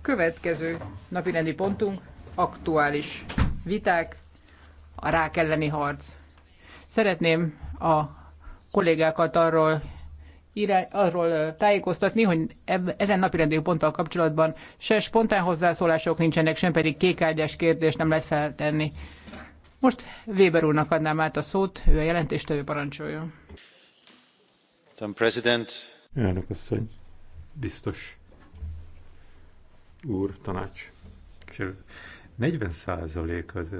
következő. Következő napirendi pontunk aktuális viták, a rák elleni harc. Szeretném a kollégákat arról irány, arról tájékoztatni, hogy ezen napirendi ponttal kapcsolatban se spontán hozzászólások nincsenek, sem pedig kékágyás kérdést nem lehet feltenni. Most Weber úrnak adnám át a szót, ő a jelentéstevő parancsoljon. Elnök asszony, biztos úr, tanács. 40 százalék az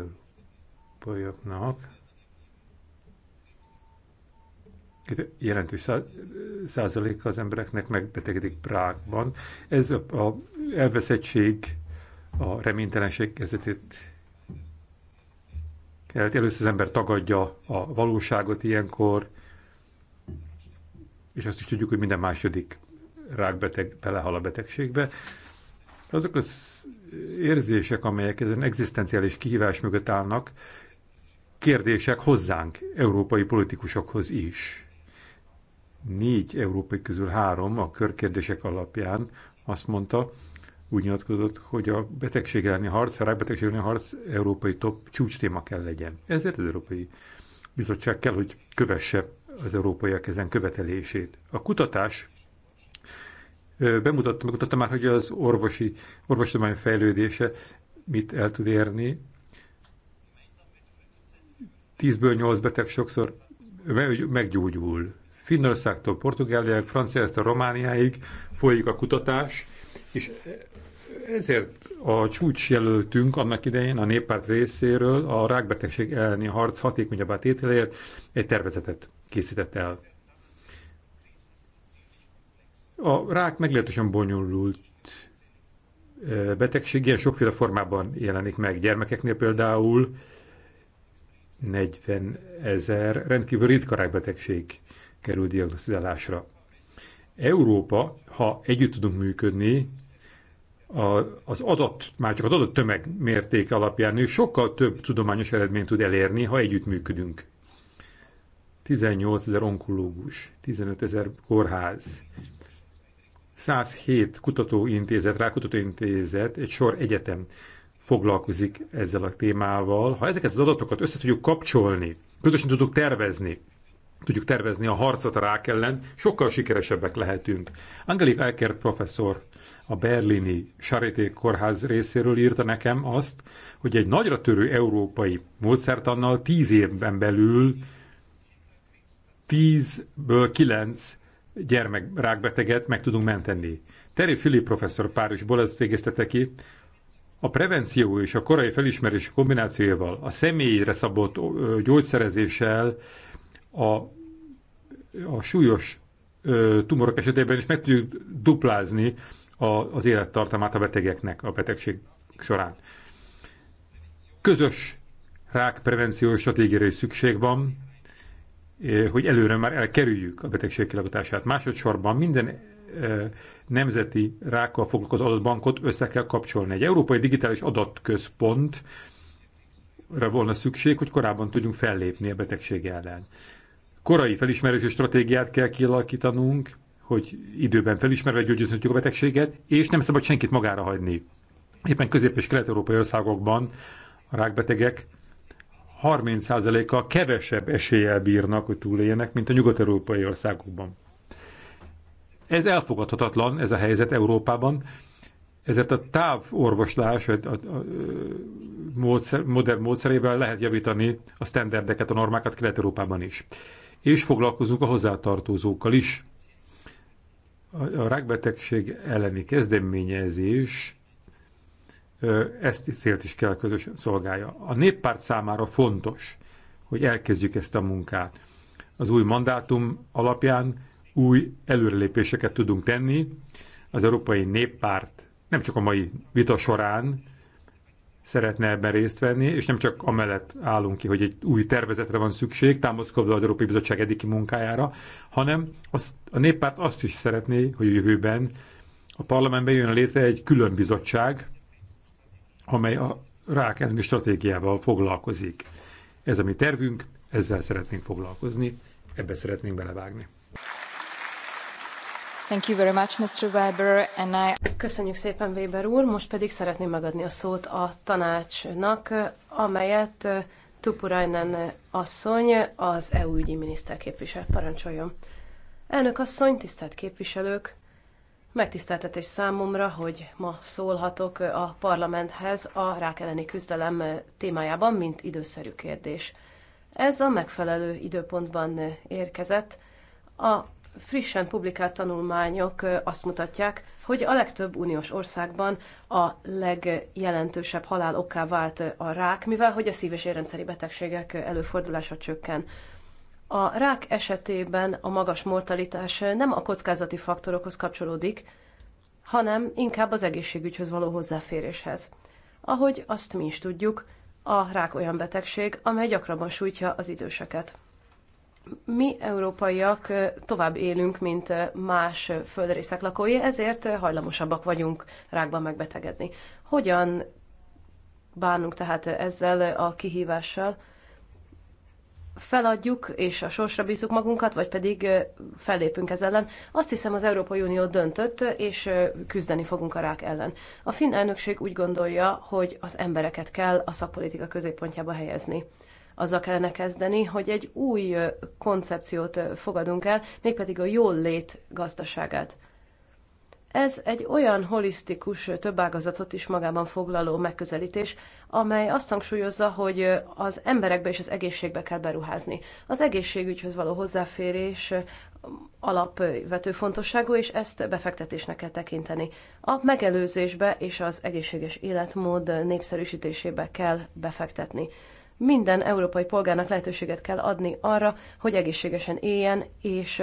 európaiaknak jelentős százaléka az embereknek megbetegedik Prágban. Ez a, a elveszettség, a reménytelenség kezdetét először az ember tagadja a valóságot ilyenkor, és azt is tudjuk, hogy minden második rákbeteg belehal a betegségbe, azok az érzések, amelyek ezen egzisztenciális kihívás mögött állnak, kérdések hozzánk, európai politikusokhoz is. Négy európai közül három a körkérdések alapján azt mondta, úgy nyilatkozott, hogy a betegség elleni harc, a rákbetegség elleni harc európai top csúcs téma kell legyen. Ezért az Európai Bizottság kell, hogy kövesse az európaiak ezen követelését. A kutatás bemutatta, megmutatta már, hogy az orvosi, orvostudomány fejlődése mit el tud érni. Tízből nyolc beteg sokszor meggyógyul. Finnországtól Portugáliáig, Franciáztól Romániáig folyik a kutatás, és ezért a csúcsjelöltünk annak idején a néppárt részéről a rákbetegség elleni harc hatékonyabbá tételéért egy tervezetet készített el. A rák meglehetősen bonyolult eh, betegség, ilyen sokféle formában jelenik meg. Gyermekeknél például 40 ezer rendkívül ritka rákbetegség kerül diagnosztizálásra. Európa, ha együtt tudunk működni, a, az adat, már csak az adott tömeg mértéke alapján ő sokkal több tudományos eredményt tud elérni, ha együttműködünk. 18 ezer onkológus, 15 ezer kórház, 107 kutatóintézet, rákutatóintézet, egy sor egyetem foglalkozik ezzel a témával. Ha ezeket az adatokat össze tudjuk kapcsolni, közösen tudjuk tervezni, tudjuk tervezni a harcot a rák ellen, sokkal sikeresebbek lehetünk. Angelika Ecker professzor a berlini Sarité kórház részéről írta nekem azt, hogy egy nagyra törő európai módszertannal tíz évben belül tízből kilenc gyermek rákbeteget meg tudunk menteni. Terry Philip professzor Párizsból ezt végeztette ki, a prevenció és a korai felismerés kombinációjával, a személyre szabott gyógyszerezéssel, a, a súlyos tumorok esetében is meg tudjuk duplázni az élettartamát a betegeknek a betegség során. Közös rákprevenciós stratégiára is szükség van, eh, hogy előre már elkerüljük a betegség kilagotását. Másodszorban minden eh, nemzeti rákkal foglalkozó adatbankot össze kell kapcsolni. Egy európai digitális adatközpontra volna szükség, hogy korábban tudjunk fellépni a betegség ellen. Korai felismerési stratégiát kell kialakítanunk, hogy időben felismerve gyógyítjuk a betegséget, és nem szabad senkit magára hagyni. Éppen közép- és kelet-európai országokban a rákbetegek 30%-kal kevesebb eséllyel bírnak, hogy túléljenek, mint a nyugat-európai országokban. Ez elfogadhatatlan, ez a helyzet Európában, ezért a távorvoslás a, a, a, módszer, modern módszerével lehet javítani a sztenderdeket, a normákat Kelet-Európában is. És foglalkozunk a hozzátartozókkal is a rákbetegség elleni kezdeményezés ezt célt is kell közösen szolgálja. A néppárt számára fontos, hogy elkezdjük ezt a munkát. Az új mandátum alapján új előrelépéseket tudunk tenni. Az Európai Néppárt nem csak a mai vita során, szeretne ebben részt venni, és nem csak amellett állunk ki, hogy egy új tervezetre van szükség, támaszkodva az Európai Bizottság eddigi munkájára, hanem azt, a néppárt azt is szeretné, hogy a jövőben a parlamentben jön létre egy külön bizottság, amely a rák elleni stratégiával foglalkozik. Ez a mi tervünk, ezzel szeretnénk foglalkozni, ebbe szeretnénk belevágni. Thank you very much, Mr. Weber, and I... Köszönjük szépen, Weber úr. Most pedig szeretném megadni a szót a tanácsnak, amelyet Tupurainen asszony, az EU ügyi miniszter képvisel. Parancsoljon. Elnök asszony, tisztelt képviselők! Megtiszteltetés számomra, hogy ma szólhatok a parlamenthez a rák elleni küzdelem témájában, mint időszerű kérdés. Ez a megfelelő időpontban érkezett. A frissen publikált tanulmányok azt mutatják, hogy a legtöbb uniós országban a legjelentősebb halál oká vált a rák, mivel hogy a szív- és érrendszeri betegségek előfordulása csökken. A rák esetében a magas mortalitás nem a kockázati faktorokhoz kapcsolódik, hanem inkább az egészségügyhöz való hozzáféréshez. Ahogy azt mi is tudjuk, a rák olyan betegség, amely gyakrabban sújtja az időseket mi európaiak tovább élünk, mint más földrészek lakói, ezért hajlamosabbak vagyunk rákban megbetegedni. Hogyan bánunk tehát ezzel a kihívással? Feladjuk és a sorsra bízunk magunkat, vagy pedig fellépünk ez ellen? Azt hiszem az Európai Unió döntött, és küzdeni fogunk a rák ellen. A finn elnökség úgy gondolja, hogy az embereket kell a szakpolitika középpontjába helyezni azzal kellene kezdeni, hogy egy új koncepciót fogadunk el, mégpedig a jól lét gazdaságát. Ez egy olyan holisztikus, több ágazatot is magában foglaló megközelítés, amely azt hangsúlyozza, hogy az emberekbe és az egészségbe kell beruházni. Az egészségügyhöz való hozzáférés alapvető fontosságú, és ezt befektetésnek kell tekinteni. A megelőzésbe és az egészséges életmód népszerűsítésébe kell befektetni minden európai polgárnak lehetőséget kell adni arra, hogy egészségesen éljen, és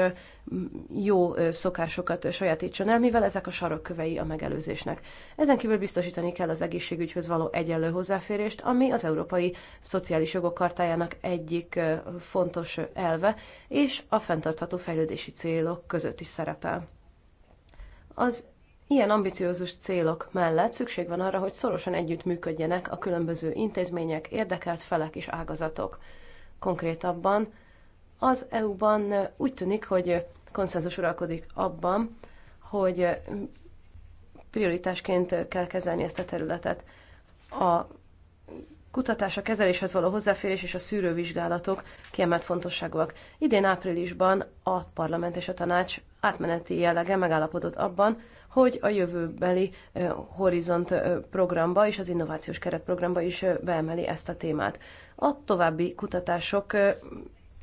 jó szokásokat sajátítson el, mivel ezek a sarokkövei a megelőzésnek. Ezen kívül biztosítani kell az egészségügyhöz való egyenlő hozzáférést, ami az Európai Szociális Jogok Kartájának egyik fontos elve, és a fenntartható fejlődési célok között is szerepel. Az Ilyen ambiciózus célok mellett szükség van arra, hogy szorosan együttműködjenek a különböző intézmények, érdekelt felek és ágazatok. Konkrétabban az EU-ban úgy tűnik, hogy konszenzus uralkodik abban, hogy prioritásként kell kezelni ezt a területet. A kutatás, a kezeléshez való hozzáférés és a szűrővizsgálatok kiemelt fontosságúak. Idén áprilisban a parlament és a tanács átmeneti jellege megállapodott abban, hogy a jövőbeli Horizont programba és az innovációs keretprogramba is beemeli ezt a témát. A további kutatások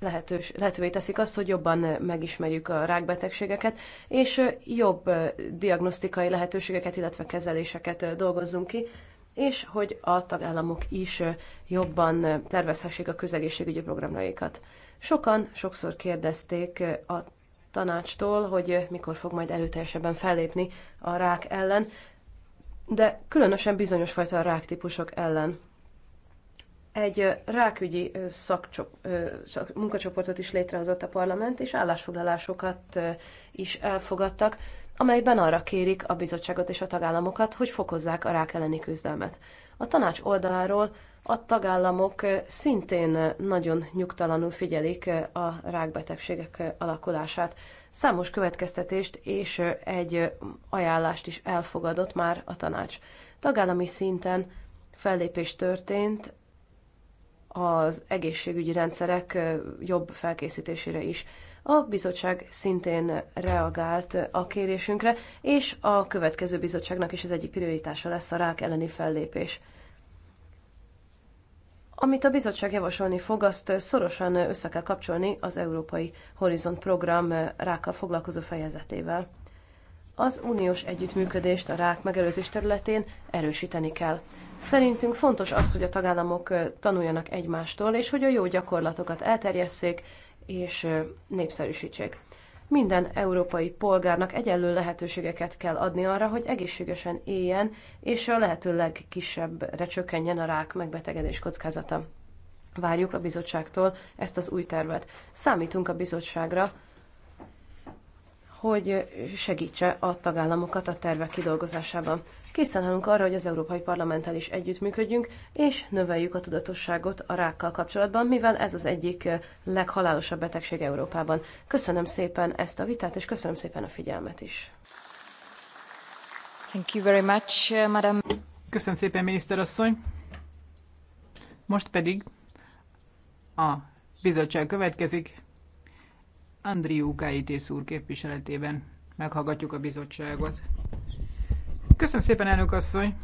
lehetős, lehetővé teszik azt, hogy jobban megismerjük a rákbetegségeket, és jobb diagnosztikai lehetőségeket, illetve kezeléseket dolgozzunk ki, és hogy a tagállamok is jobban tervezhessék a közegészségügyi programraikat. Sokan sokszor kérdezték a tanácstól, hogy mikor fog majd erőteljesebben fellépni a rák ellen, de különösen bizonyos fajta ráktípusok ellen. Egy rákügyi szakcsop, szak, munkacsoportot is létrehozott a parlament, és állásfoglalásokat is elfogadtak, amelyben arra kérik a bizottságot és a tagállamokat, hogy fokozzák a rák elleni küzdelmet. A tanács oldaláról a tagállamok szintén nagyon nyugtalanul figyelik a rákbetegségek alakulását. Számos következtetést és egy ajánlást is elfogadott már a tanács. Tagállami szinten fellépés történt az egészségügyi rendszerek jobb felkészítésére is. A bizottság szintén reagált a kérésünkre, és a következő bizottságnak is az egyik prioritása lesz a rák elleni fellépés. Amit a bizottság javasolni fog, azt szorosan össze kell kapcsolni az Európai Horizont program rákkal foglalkozó fejezetével. Az uniós együttműködést a rák megelőzés területén erősíteni kell. Szerintünk fontos az, hogy a tagállamok tanuljanak egymástól, és hogy a jó gyakorlatokat elterjesszék és népszerűsítsék minden európai polgárnak egyenlő lehetőségeket kell adni arra, hogy egészségesen éljen, és a lehető legkisebbre csökkenjen a rák megbetegedés kockázata. Várjuk a bizottságtól ezt az új tervet. Számítunk a bizottságra, hogy segítse a tagállamokat a tervek kidolgozásában. Készen állunk arra, hogy az Európai Parlamenttel is együttműködjünk, és növeljük a tudatosságot a rákkal kapcsolatban, mivel ez az egyik eh, leghalálosabb betegség Európában. Köszönöm szépen ezt a vitát, és köszönöm szépen a figyelmet is. Thank you very much, eh, madam. Köszönöm szépen, miniszterasszony. Most pedig a bizottság következik. Andriu Kaitész úr képviseletében meghallgatjuk a bizottságot. Köszönöm szépen, elnök asszony!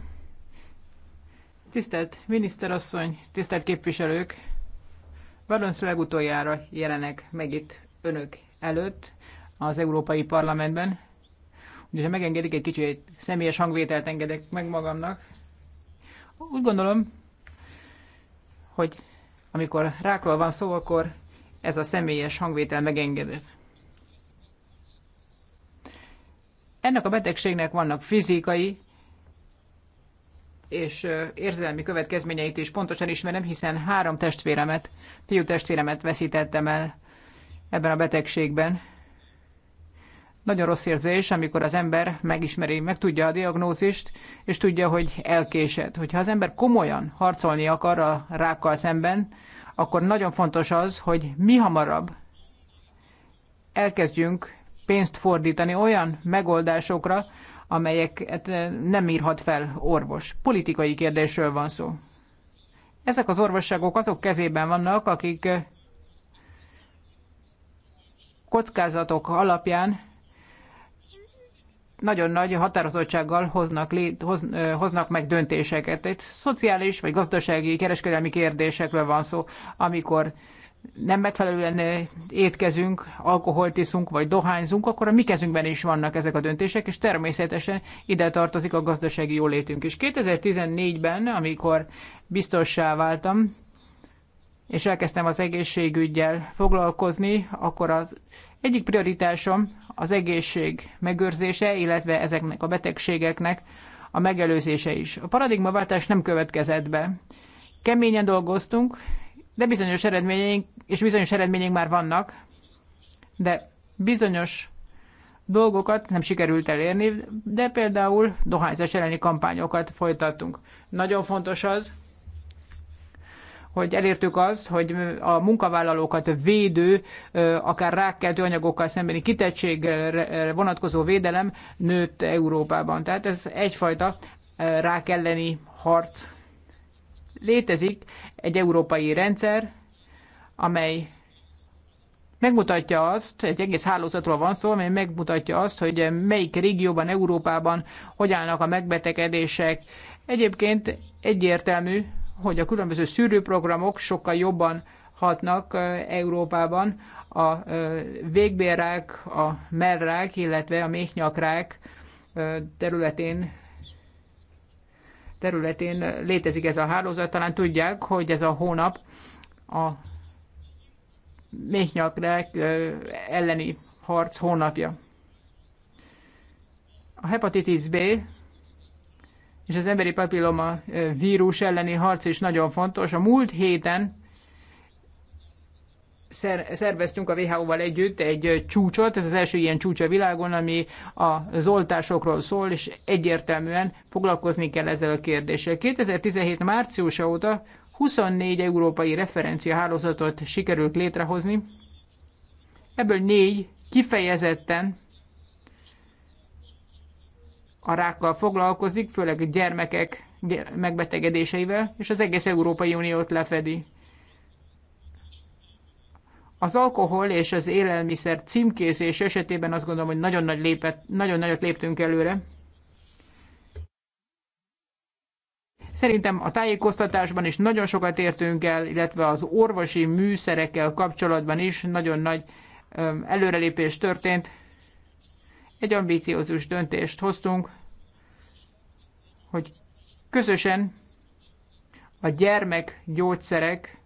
Tisztelt miniszterasszony, tisztelt képviselők! Valószínűleg utoljára jelenek meg itt önök előtt az Európai Parlamentben. Úgyhogy ha megengedik, egy kicsit személyes hangvételt engedek meg magamnak. Úgy gondolom, hogy amikor rákról van szó, akkor ez a személyes hangvétel megengedett. Ennek a betegségnek vannak fizikai és érzelmi következményeit is pontosan ismerem, hiszen három testvéremet, fiú testvéremet veszítettem el ebben a betegségben. Nagyon rossz érzés, amikor az ember megismeri, meg tudja a diagnózist, és tudja, hogy elkésed. Hogyha az ember komolyan harcolni akar a rákkal szemben, akkor nagyon fontos az, hogy mi hamarabb elkezdjünk pénzt fordítani olyan megoldásokra, amelyeket hát, eh, nem írhat fel orvos. Politikai kérdésről van szó. Ezek az orvosságok azok kezében vannak, akik eh, kockázatok alapján nagyon nagy határozottsággal hoznak, lét, hoz, eh, hoznak meg döntéseket. Itt szociális vagy gazdasági, kereskedelmi kérdésekről van szó, amikor nem megfelelően étkezünk, alkoholt iszunk vagy dohányzunk, akkor a mi kezünkben is vannak ezek a döntések, és természetesen ide tartozik a gazdasági jólétünk is. 2014-ben, amikor biztossá váltam, és elkezdtem az egészségügyel foglalkozni, akkor az egyik prioritásom az egészség megőrzése, illetve ezeknek a betegségeknek a megelőzése is. A paradigmaváltás nem következett be. Keményen dolgoztunk, de bizonyos eredményeink, és bizonyos eredményeink már vannak, de bizonyos dolgokat nem sikerült elérni, de például dohányzás elleni kampányokat folytattunk. Nagyon fontos az, hogy elértük azt, hogy a munkavállalókat védő, akár rákkeltő anyagokkal szembeni kitettségre vonatkozó védelem nőtt Európában. Tehát ez egyfajta rák elleni harc létezik egy európai rendszer, amely megmutatja azt, egy egész hálózatról van szó, amely megmutatja azt, hogy melyik régióban, Európában hogy állnak a megbetegedések. Egyébként egyértelmű, hogy a különböző szűrőprogramok sokkal jobban hatnak Európában a végbérrák, a merrák, illetve a méhnyakrák területén területén létezik ez a hálózat. Talán tudják, hogy ez a hónap a méhnyakrák elleni harc hónapja. A hepatitis B és az emberi papilloma vírus elleni harc is nagyon fontos. A múlt héten szerveztünk a WHO-val együtt egy csúcsot, ez az első ilyen csúcs a világon, ami a oltásokról szól, és egyértelműen foglalkozni kell ezzel a kérdéssel. 2017 márciusa óta 24 európai referenciahálózatot sikerült létrehozni, ebből négy kifejezetten a rákkal foglalkozik, főleg gyermekek megbetegedéseivel, és az egész Európai Uniót lefedi. Az alkohol és az élelmiszer címkézés esetében azt gondolom, hogy nagyon, nagy lépett, nagyon nagyot léptünk előre. Szerintem a tájékoztatásban is nagyon sokat értünk el, illetve az orvosi műszerekkel kapcsolatban is nagyon nagy előrelépés történt. Egy ambíciózus döntést hoztunk, hogy közösen a gyermekgyógyszerek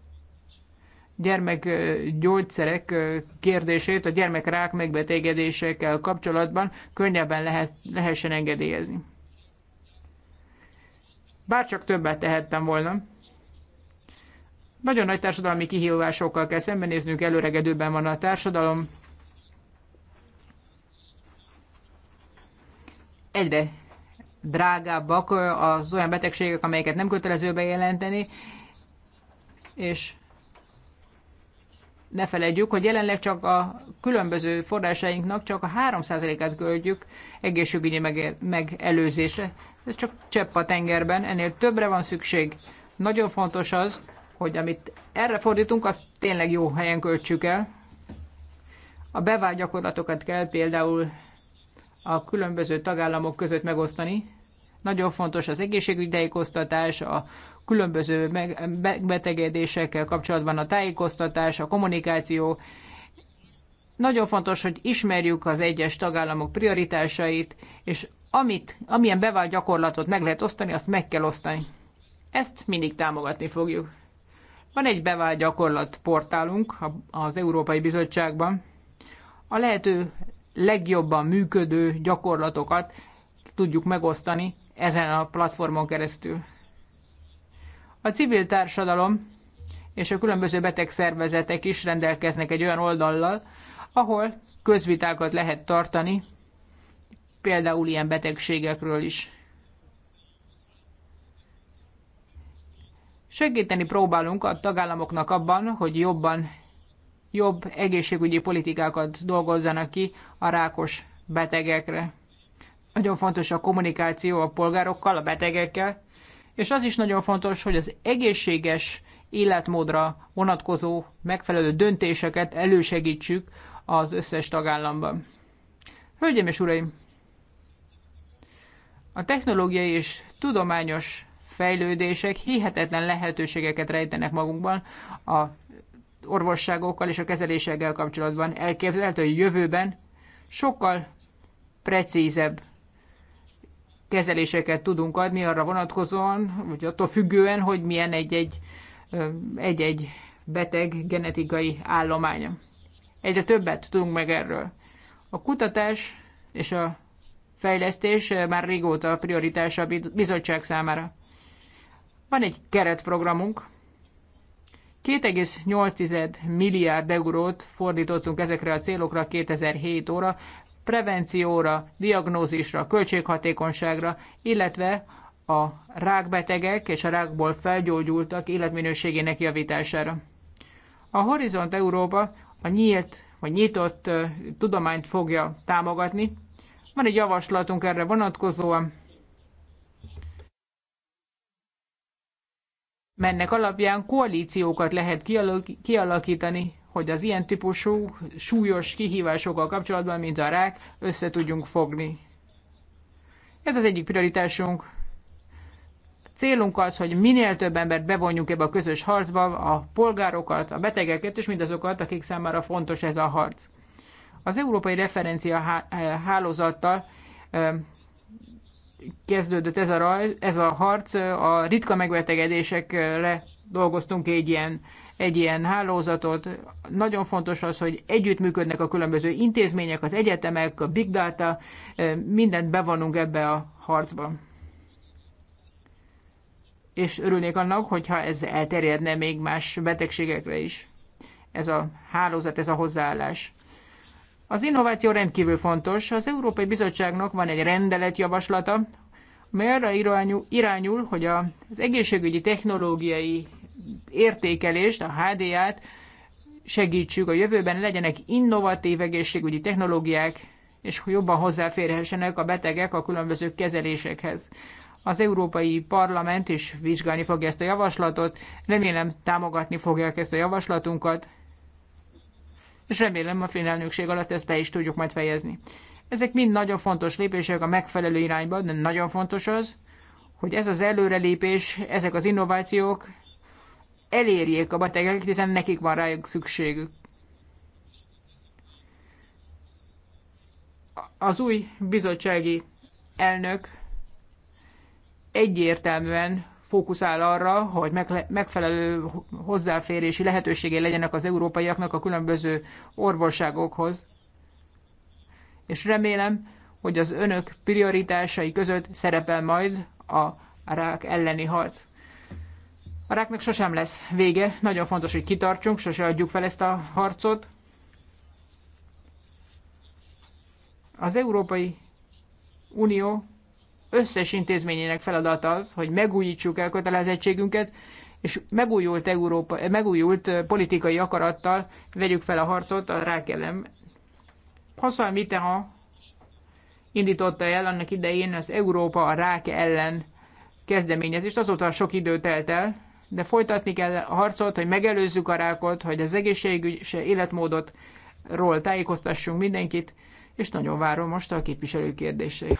gyermekgyógyszerek kérdését a gyermekrák megbetegedésekkel kapcsolatban könnyebben lehet, lehessen engedélyezni. Bár csak többet tehettem volna. Nagyon nagy társadalmi kihívásokkal kell szembenéznünk, előregedőben van a társadalom. Egyre drágábbak az olyan betegségek, amelyeket nem kötelező bejelenteni, és ne felejtjük, hogy jelenleg csak a különböző forrásainknak csak a 3%-át költjük egészségügyi megelőzésre. Ez csak csepp a tengerben, ennél többre van szükség. Nagyon fontos az, hogy amit erre fordítunk, azt tényleg jó helyen költsük el. A bevált gyakorlatokat kell például a különböző tagállamok között megosztani, nagyon fontos az egészségügyi tájékoztatás, a különböző megbetegedésekkel kapcsolatban a tájékoztatás, a kommunikáció. Nagyon fontos, hogy ismerjük az egyes tagállamok prioritásait, és amit, amilyen bevált gyakorlatot meg lehet osztani, azt meg kell osztani. Ezt mindig támogatni fogjuk. Van egy bevált gyakorlat portálunk az Európai Bizottságban. A lehető legjobban működő gyakorlatokat tudjuk megosztani ezen a platformon keresztül. A civil társadalom és a különböző betegszervezetek is rendelkeznek egy olyan oldallal, ahol közvitákat lehet tartani, például ilyen betegségekről is. Segíteni próbálunk a tagállamoknak abban, hogy jobban, jobb egészségügyi politikákat dolgozzanak ki a rákos betegekre. Nagyon fontos a kommunikáció a polgárokkal, a betegekkel, és az is nagyon fontos, hogy az egészséges életmódra vonatkozó megfelelő döntéseket elősegítsük az összes tagállamban. Hölgyeim és uraim! A technológiai és tudományos fejlődések hihetetlen lehetőségeket rejtenek magukban a orvosságokkal és a kezelésekkel kapcsolatban. Elképzelhető, hogy jövőben sokkal precízebb kezeléseket tudunk adni arra vonatkozóan, vagy attól függően, hogy milyen egy-egy, egy-egy beteg genetikai állománya. Egyre többet tudunk meg erről. A kutatás és a fejlesztés már régóta a prioritás a bizottság számára. Van egy keretprogramunk, 2,8 milliárd eurót fordítottunk ezekre a célokra 2007 óra, prevencióra, diagnózisra, költséghatékonyságra, illetve a rákbetegek és a rákból felgyógyultak életminőségének javítására. A Horizont Európa a nyílt vagy nyitott tudományt fogja támogatni. Van egy javaslatunk erre vonatkozóan, mennek alapján koalíciókat lehet kialakítani, hogy az ilyen típusú súlyos kihívásokkal kapcsolatban, mint a rák, össze tudjunk fogni. Ez az egyik prioritásunk. Célunk az, hogy minél több embert bevonjunk ebbe a közös harcba, a polgárokat, a betegeket és mindazokat, akik számára fontos ez a harc. Az Európai Referencia eh, Hálózattal eh, kezdődött ez a, rajz, ez a harc. A ritka megbetegedésekre dolgoztunk egy ilyen, egy ilyen hálózatot. Nagyon fontos az, hogy együttműködnek a különböző intézmények, az egyetemek, a big data, mindent bevonunk ebbe a harcba. És örülnék annak, hogyha ez elterjedne még más betegségekre is. Ez a hálózat, ez a hozzáállás. Az innováció rendkívül fontos. Az Európai Bizottságnak van egy rendeletjavaslata, mely arra irányul, hogy az egészségügyi technológiai értékelést, a HDA-t segítsük a jövőben, legyenek innovatív egészségügyi technológiák, és jobban hozzáférhessenek a betegek a különböző kezelésekhez. Az Európai Parlament is vizsgálni fogja ezt a javaslatot, remélem támogatni fogják ezt a javaslatunkat, és remélem a finn elnökség alatt ezt be is tudjuk majd fejezni. Ezek mind nagyon fontos lépések a megfelelő irányban, de nagyon fontos az, hogy ez az előrelépés, ezek az innovációk elérjék a betegeket, hiszen nekik van rájuk szükségük. Az új bizottsági elnök egyértelműen fókuszál arra, hogy megfelelő hozzáférési lehetősége legyenek az európaiaknak a különböző orvosságokhoz. És remélem, hogy az önök prioritásai között szerepel majd a rák elleni harc. A ráknak sosem lesz vége, nagyon fontos, hogy kitartsunk, sose adjuk fel ezt a harcot. Az Európai Unió összes intézményének feladata az, hogy megújítsuk el kötelezettségünket, és megújult, Európa, megújult politikai akarattal vegyük fel a harcot a rákelem. Hosszal Mitterrand indította el annak idején az Európa a rák ellen kezdeményezést. Azóta sok idő telt el, de folytatni kell a harcot, hogy megelőzzük a rákot, hogy az egészségügy életmódot ról tájékoztassunk mindenkit, és nagyon várom most a képviselő kérdéseit.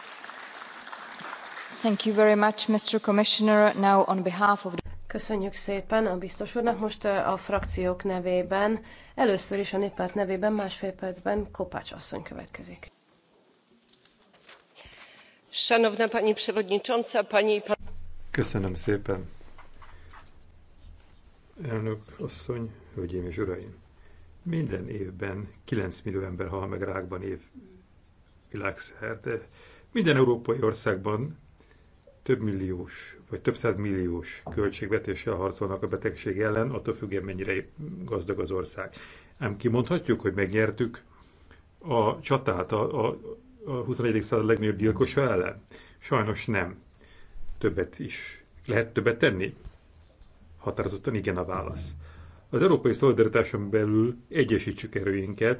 Thank you very much, Mr. Commissioner. Now on behalf of the... Köszönjük szépen a biztos úrnak. Most a frakciók nevében, először is a néppárt nevében másfél percben Kopács asszony következik. Szanowna pani przewodnicząca, pani i pan... Köszönöm szépen. Elnök asszony, hölgyeim és uraim! Minden évben 9 millió ember hal meg rákban év világszerte. Minden európai országban több milliós, vagy több száz milliós költségvetéssel harcolnak a betegség ellen, attól függően mennyire gazdag az ország. Ám kimondhatjuk, hogy megnyertük a csatát a, a, a 21. század legnagyobb gyilkosa ellen? Sajnos nem. Többet is. Lehet többet tenni? Határozottan igen a válasz. Az európai szolidaritáson belül egyesítsük erőinket,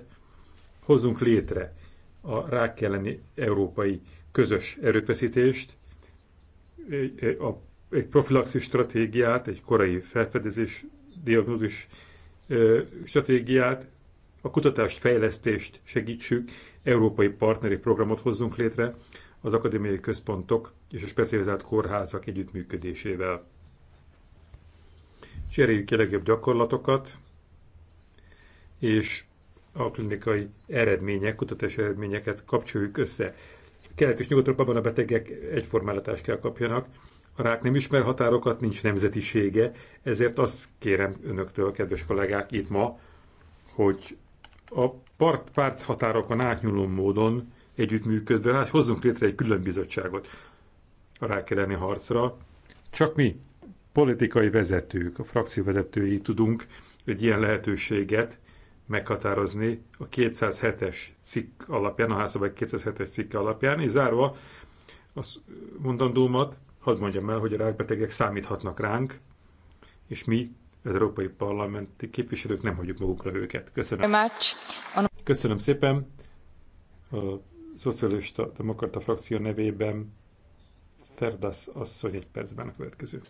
hozzunk létre a rák elleni európai közös erőfeszítést, egy, a, egy profilaxis stratégiát, egy korai felfedezés, diagnózis stratégiát, a kutatást, fejlesztést segítsük, európai partneri programot hozzunk létre az akadémiai központok és a specializált kórházak együttműködésével. Cseréljük ki a legjobb gyakorlatokat, és a klinikai eredmények, kutatási eredményeket kapcsoljuk össze kelet és nyugat a betegek egyformálatást kell kapjanak. A rák nem ismer határokat, nincs nemzetisége, ezért azt kérem önöktől, kedves kollégák, itt ma, hogy a part, párt határokon átnyúló módon együttműködve, hát hozzunk létre egy külön bizottságot a rák elleni harcra. Csak mi, politikai vezetők, a frakcióvezetői tudunk egy ilyen lehetőséget meghatározni a 207-es cikk alapján, a házszabály 207-es cikke alapján, és zárva az mondandómat, hadd mondjam el, hogy a rákbetegek számíthatnak ránk, és mi, az Európai Parlamenti képviselők nem hagyjuk magukra őket. Köszönöm. Köszönöm szépen. A Szocialista Demokrata frakció nevében Ferdas asszony egy percben a következő.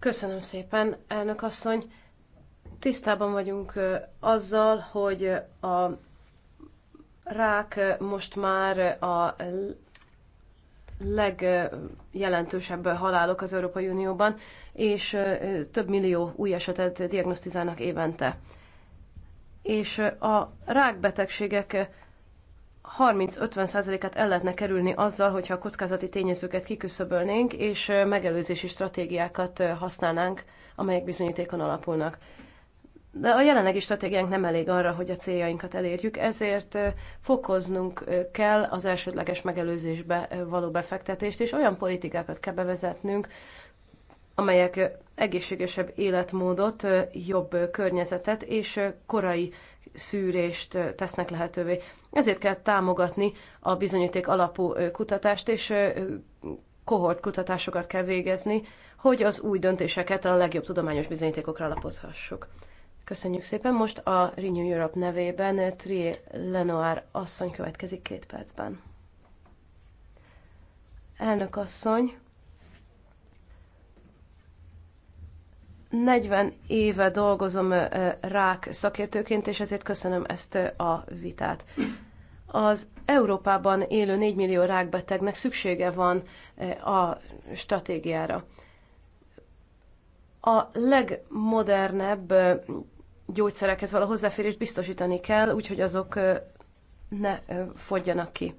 Köszönöm szépen, elnök asszony. Tisztában vagyunk azzal, hogy a rák most már a legjelentősebb halálok az Európai Unióban, és több millió új esetet diagnosztizálnak évente. És a rákbetegségek 30-50%-át el lehetne kerülni azzal, hogyha a kockázati tényezőket kiküszöbölnénk, és megelőzési stratégiákat használnánk, amelyek bizonyítékon alapulnak. De a jelenlegi stratégiánk nem elég arra, hogy a céljainkat elérjük, ezért fokoznunk kell az elsődleges megelőzésbe való befektetést, és olyan politikákat kell bevezetnünk, amelyek egészségesebb életmódot, jobb környezetet és korai szűrést tesznek lehetővé. Ezért kell támogatni a bizonyíték alapú kutatást, és kohort kutatásokat kell végezni, hogy az új döntéseket a legjobb tudományos bizonyítékokra alapozhassuk. Köszönjük szépen. Most a Renew Europe nevében Tri Lenoir asszony következik két percben. Elnök asszony, 40 éve dolgozom rák szakértőként, és ezért köszönöm ezt a vitát. Az Európában élő 4 millió rákbetegnek szüksége van a stratégiára. A legmodernebb gyógyszerekhez való hozzáférést biztosítani kell, úgyhogy azok ne fogyjanak ki.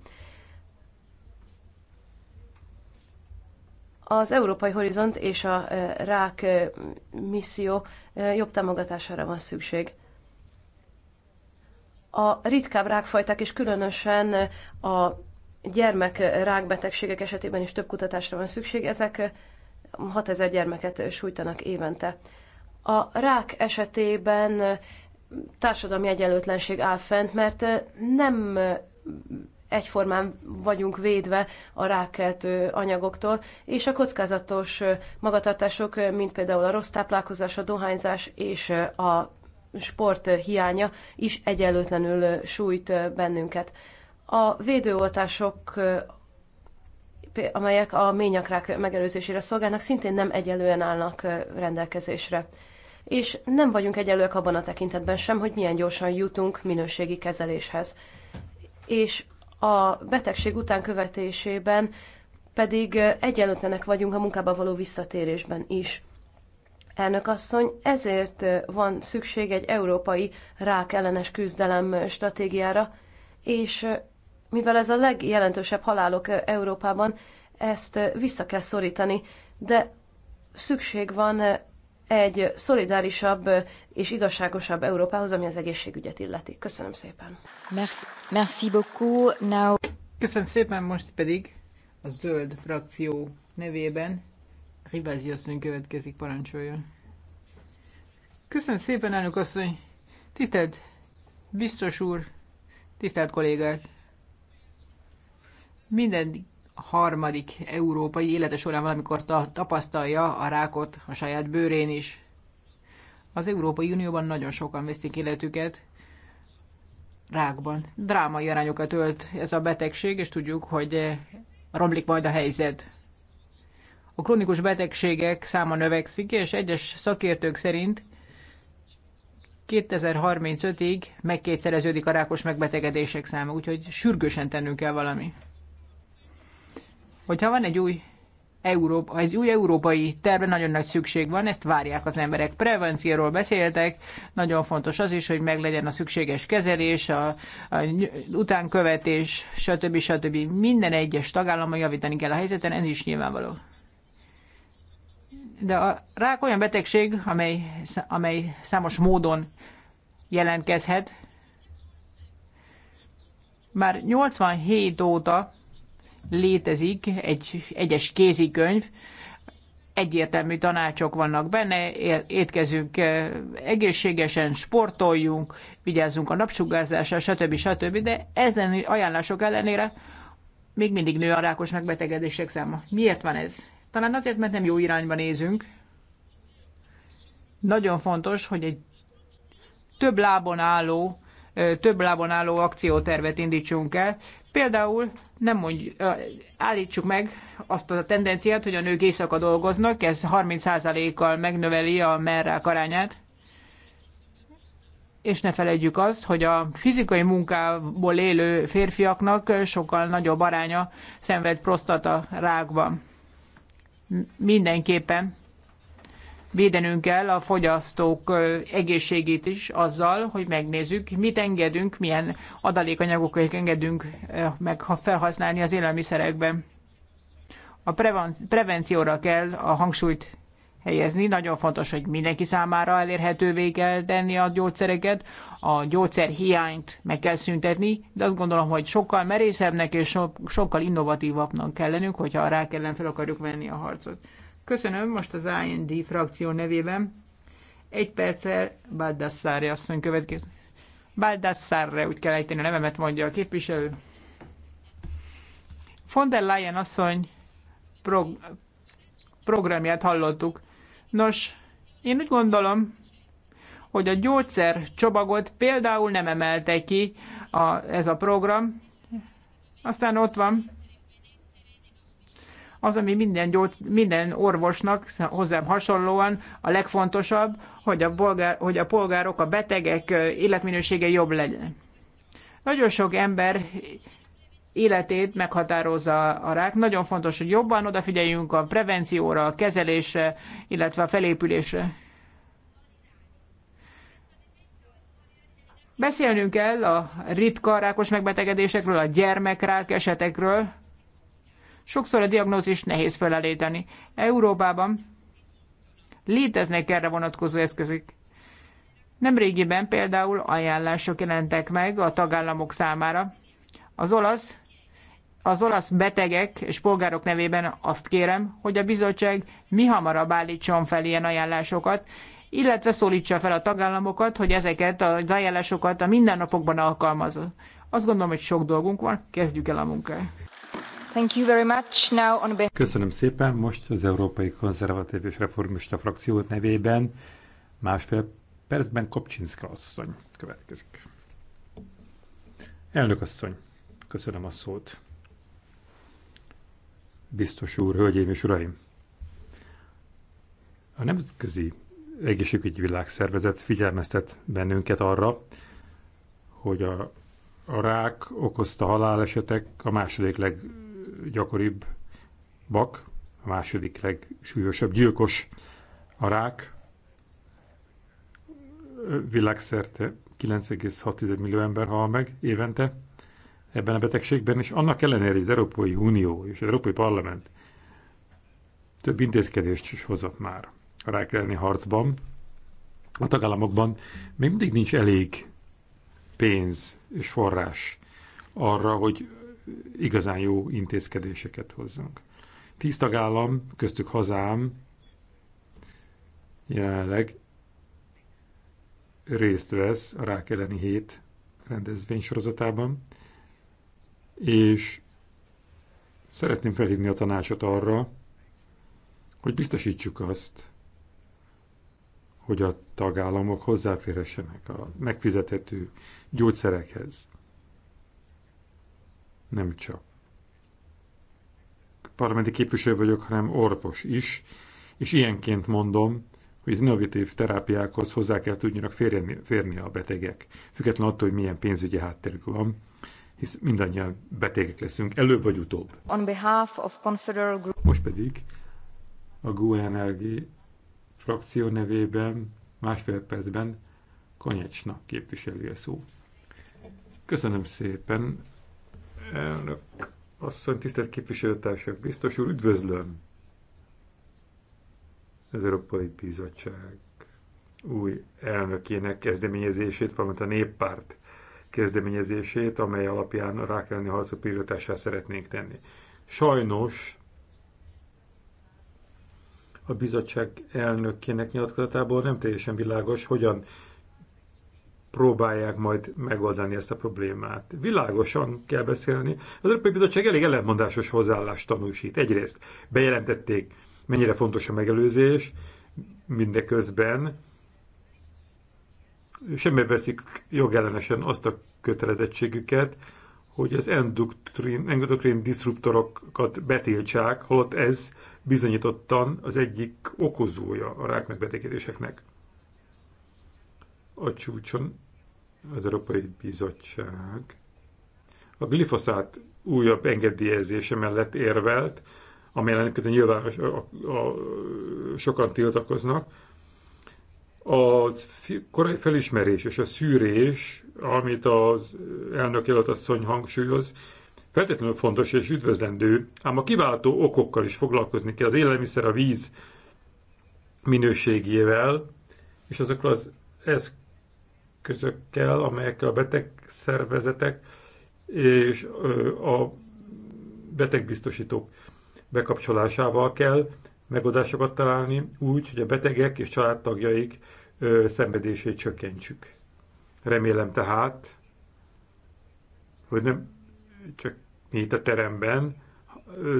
Az Európai Horizont és a rák misszió jobb támogatására van szükség. A ritkább rákfajták és különösen a gyermek rákbetegségek esetében is több kutatásra van szükség. Ezek 6000 gyermeket sújtanak évente. A rák esetében társadalmi egyenlőtlenség áll fent, mert nem egyformán vagyunk védve a rákkeltő anyagoktól, és a kockázatos magatartások, mint például a rossz táplálkozás, a dohányzás és a sport hiánya is egyenlőtlenül sújt bennünket. A védőoltások, amelyek a ményakrák megelőzésére szolgálnak, szintén nem egyenlően állnak rendelkezésre és nem vagyunk egyelőek abban a tekintetben sem, hogy milyen gyorsan jutunk minőségi kezeléshez. És a betegség után követésében pedig egyenlőtlenek vagyunk a munkába való visszatérésben is. Elnök asszony, ezért van szükség egy európai rák ellenes küzdelem stratégiára, és mivel ez a legjelentősebb halálok Európában, ezt vissza kell szorítani, de szükség van egy szolidárisabb és igazságosabb Európához, ami az egészségügyet illeti. Köszönöm szépen. Merci, merci beaucoup. Now... Köszönöm szépen, most pedig a zöld frakció nevében Rivázi asszony következik, parancsoljon. Köszönöm szépen, elnök asszony. Tisztelt biztos úr, tisztelt kollégák. Minden harmadik európai élete során valamikor ta- tapasztalja a rákot a saját bőrén is. Az Európai Unióban nagyon sokan vesztik életüket rákban. Drámai arányokat ölt ez a betegség, és tudjuk, hogy eh, romlik majd a helyzet. A krónikus betegségek száma növekszik, és egyes szakértők szerint 2035-ig megkétszereződik a rákos megbetegedések száma, úgyhogy sürgősen tennünk kell valami hogyha van egy új Európa, egy új európai terve nagyon nagy szükség van, ezt várják az emberek. Prevencióról beszéltek, nagyon fontos az is, hogy meglegyen a szükséges kezelés, a, a utánkövetés, stb. stb. Minden egyes tagállamban javítani kell a helyzeten, ez is nyilvánvaló. De a rák olyan betegség, amely, amely számos módon jelentkezhet. Már 87 óta létezik egy egyes kézikönyv, egyértelmű tanácsok vannak benne, étkezünk eh, egészségesen, sportoljunk, vigyázzunk a napsugárzásra, stb. stb. De ezen ajánlások ellenére még mindig nő a rákos megbetegedések száma. Miért van ez? Talán azért, mert nem jó irányba nézünk. Nagyon fontos, hogy egy több lábon álló, eh, több lábon álló akciótervet indítsunk el, Például nem mondj, állítsuk meg azt a tendenciát, hogy a nők éjszaka dolgoznak, ez 30%-kal megnöveli a merrák arányát. És ne felejtjük azt, hogy a fizikai munkából élő férfiaknak sokkal nagyobb aránya szenved prostata rákban. Mindenképpen védenünk kell a fogyasztók egészségét is azzal, hogy megnézzük, mit engedünk, milyen adalékanyagokat engedünk meg felhasználni az élelmiszerekben. A prevencióra kell a hangsúlyt helyezni. Nagyon fontos, hogy mindenki számára elérhetővé kell tenni a gyógyszereket, a gyógyszer hiányt meg kell szüntetni, de azt gondolom, hogy sokkal merészebbnek és sokkal innovatívabbnak kell lennünk, hogyha rá ellen fel akarjuk venni a harcot. Köszönöm most az IND frakció nevében. Egy perccel Baldassarre asszony következik. Baldassarre úgy kell ejteni a nevemet, mondja a képviselő. Von der Leyen asszony prog- programját hallottuk. Nos, én úgy gondolom, hogy a gyógyszer csomagot például nem emelte ki a, ez a program. Aztán ott van az, ami minden, gyógy, minden orvosnak hozzám hasonlóan a legfontosabb, hogy a, bolgár, hogy a polgárok, a betegek életminősége jobb legyen. Nagyon sok ember életét meghatározza a rák. Nagyon fontos, hogy jobban odafigyeljünk a prevencióra, a kezelésre, illetve a felépülésre. Beszélnünk kell a ritka rákos megbetegedésekről, a gyermekrák esetekről, Sokszor a diagnózist nehéz felállítani. Európában léteznek erre vonatkozó eszközök. Nemrégiben például ajánlások jelentek meg a tagállamok számára. Az olasz, az olasz betegek és polgárok nevében azt kérem, hogy a bizottság mi hamarabb állítson fel ilyen ajánlásokat, illetve szólítsa fel a tagállamokat, hogy ezeket az ajánlásokat a mindennapokban alkalmazza. Azt gondolom, hogy sok dolgunk van, kezdjük el a munkát. Köszönöm szépen. Most az Európai Konzervatív és Reformista frakció nevében másfél percben Kopcsinszka asszony következik. Elnök asszony, köszönöm a szót. Biztos úr, hölgyeim és uraim! A Nemzetközi Egészségügyi Világszervezet figyelmeztet bennünket arra, hogy a, a rák okozta halálesetek a második leg bak, a második legsúlyosabb gyilkos a rák. Világszerte 9,6 millió ember hal meg évente ebben a betegségben, és annak ellenére, hogy az Európai Unió és az Európai Parlament több intézkedést is hozott már a rák elleni harcban, a tagállamokban még mindig nincs elég pénz és forrás arra, hogy igazán jó intézkedéseket hozzunk. Tíz tagállam, köztük hazám jelenleg részt vesz a rák elleni hét rendezvény sorozatában, és szeretném felhívni a tanácsot arra, hogy biztosítsuk azt, hogy a tagállamok hozzáférhessenek a megfizethető gyógyszerekhez, nem csak parlamenti képviselő vagyok, hanem orvos is, és ilyenként mondom, hogy az innovatív terápiákhoz hozzá kell tudjanak férni, férni a betegek, függetlenül attól, hogy milyen pénzügyi hátterük van, hisz mindannyian betegek leszünk, előbb vagy utóbb. On behalf of Confederal Group... Most pedig a GUNLG frakció nevében másfél percben Konyecsna képviselője szó. Köszönöm szépen, Elnök asszony, tisztelt képviselőtársak, biztos úr, üdvözlöm! Az Európai Bizottság új elnökének kezdeményezését, valamint a néppárt kezdeményezését, amely alapján a rákelni harcok prioritásá szeretnénk tenni. Sajnos a bizottság elnökének nyilatkozatából nem teljesen világos, hogyan próbálják majd megoldani ezt a problémát. Világosan kell beszélni. Az Európai Bizottság elég ellentmondásos hozzáállást tanúsít. Egyrészt bejelentették, mennyire fontos a megelőzés, mindeközben semmi veszik jogellenesen azt a kötelezettségüket, hogy az endokrin, endokrin diszruptorokat betiltsák, holott ez bizonyítottan az egyik okozója a rák megbetegedéseknek. A csúcson az Európai Bizottság a glifoszát újabb engedélyezése mellett érvelt, amelyen nyilván a, a, a, sokan tiltakoznak. A korai felismerés és a szűrés, amit az elnök asszony hangsúlyoz, feltétlenül fontos és üdvözlendő, ám a kiváltó okokkal is foglalkozni kell, az élelmiszer, a víz minőségével, és azokkal az eszközökkel, eszközökkel, amelyekkel a beteg szervezetek és a betegbiztosítók bekapcsolásával kell megoldásokat találni úgy, hogy a betegek és családtagjaik szenvedését csökkentsük. Remélem tehát, hogy nem csak mi itt a teremben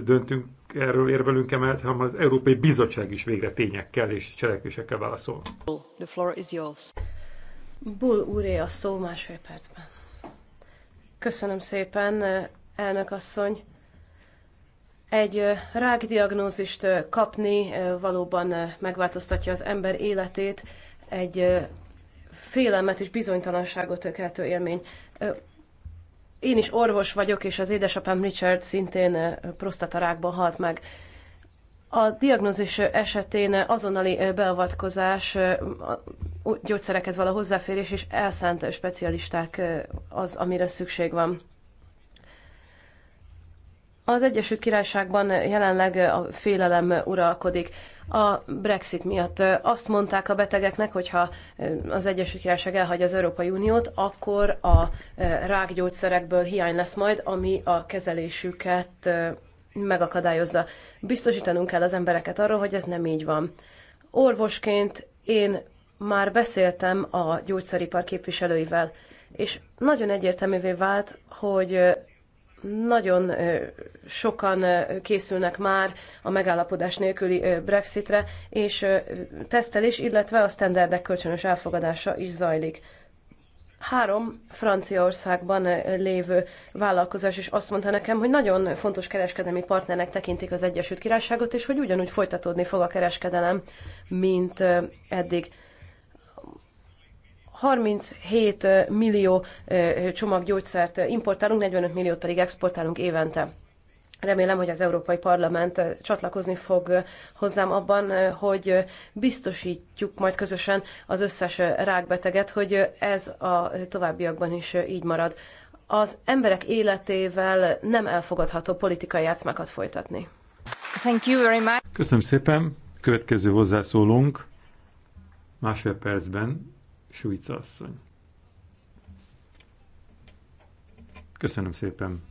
döntünk erről érvelünk emellett, hanem az Európai Bizottság is végre tényekkel és cselekvésekkel válaszol. The floor is yours. Bull úré a szó másfél percben. Köszönöm szépen, elnök asszony. Egy rákdiagnózist kapni valóban megváltoztatja az ember életét, egy félelmet és bizonytalanságot keltő élmény. Én is orvos vagyok, és az édesapám Richard szintén prostatarákban halt meg. A diagnózis esetén azonnali beavatkozás, gyógyszerekhez való hozzáférés és elszánt specialisták az, amire szükség van. Az Egyesült Királyságban jelenleg a félelem uralkodik. A Brexit miatt azt mondták a betegeknek, hogy ha az Egyesült Királyság elhagy az Európai Uniót, akkor a rákgyógyszerekből hiány lesz majd, ami a kezelésüket megakadályozza. Biztosítanunk kell az embereket arról, hogy ez nem így van. Orvosként én már beszéltem a gyógyszeripar képviselőivel, és nagyon egyértelművé vált, hogy nagyon sokan készülnek már a megállapodás nélküli Brexitre, és tesztelés, illetve a sztenderdek kölcsönös elfogadása is zajlik három Franciaországban lévő vállalkozás is azt mondta nekem, hogy nagyon fontos kereskedelmi partnernek tekintik az Egyesült Királyságot, és hogy ugyanúgy folytatódni fog a kereskedelem, mint eddig. 37 millió csomag gyógyszert importálunk, 45 milliót pedig exportálunk évente. Remélem, hogy az Európai Parlament csatlakozni fog hozzám abban, hogy biztosítjuk majd közösen az összes rákbeteget, hogy ez a továbbiakban is így marad. Az emberek életével nem elfogadható politikai játszmákat folytatni. Thank you very much. Köszönöm szépen. Következő hozzászólunk másfél percben Suica asszony. Köszönöm szépen.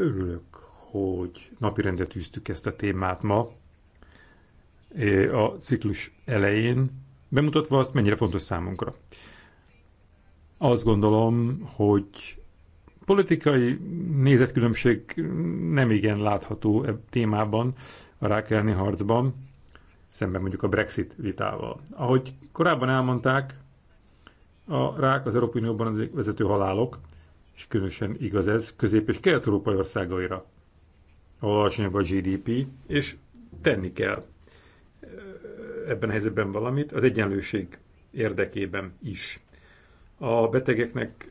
Örülök, hogy napirendre tűztük ezt a témát ma e, a ciklus elején, bemutatva azt, mennyire fontos számunkra. Azt gondolom, hogy politikai nézetkülönbség nem igen látható e témában, a rákelni harcban, szemben mondjuk a Brexit vitával. Ahogy korábban elmondták, a rák az Európai Unióban vezető halálok, és különösen igaz ez közép- és kelet-európai országaira, ahol alacsonyabb a GDP, és tenni kell ebben a helyzetben valamit, az egyenlőség érdekében is. A betegeknek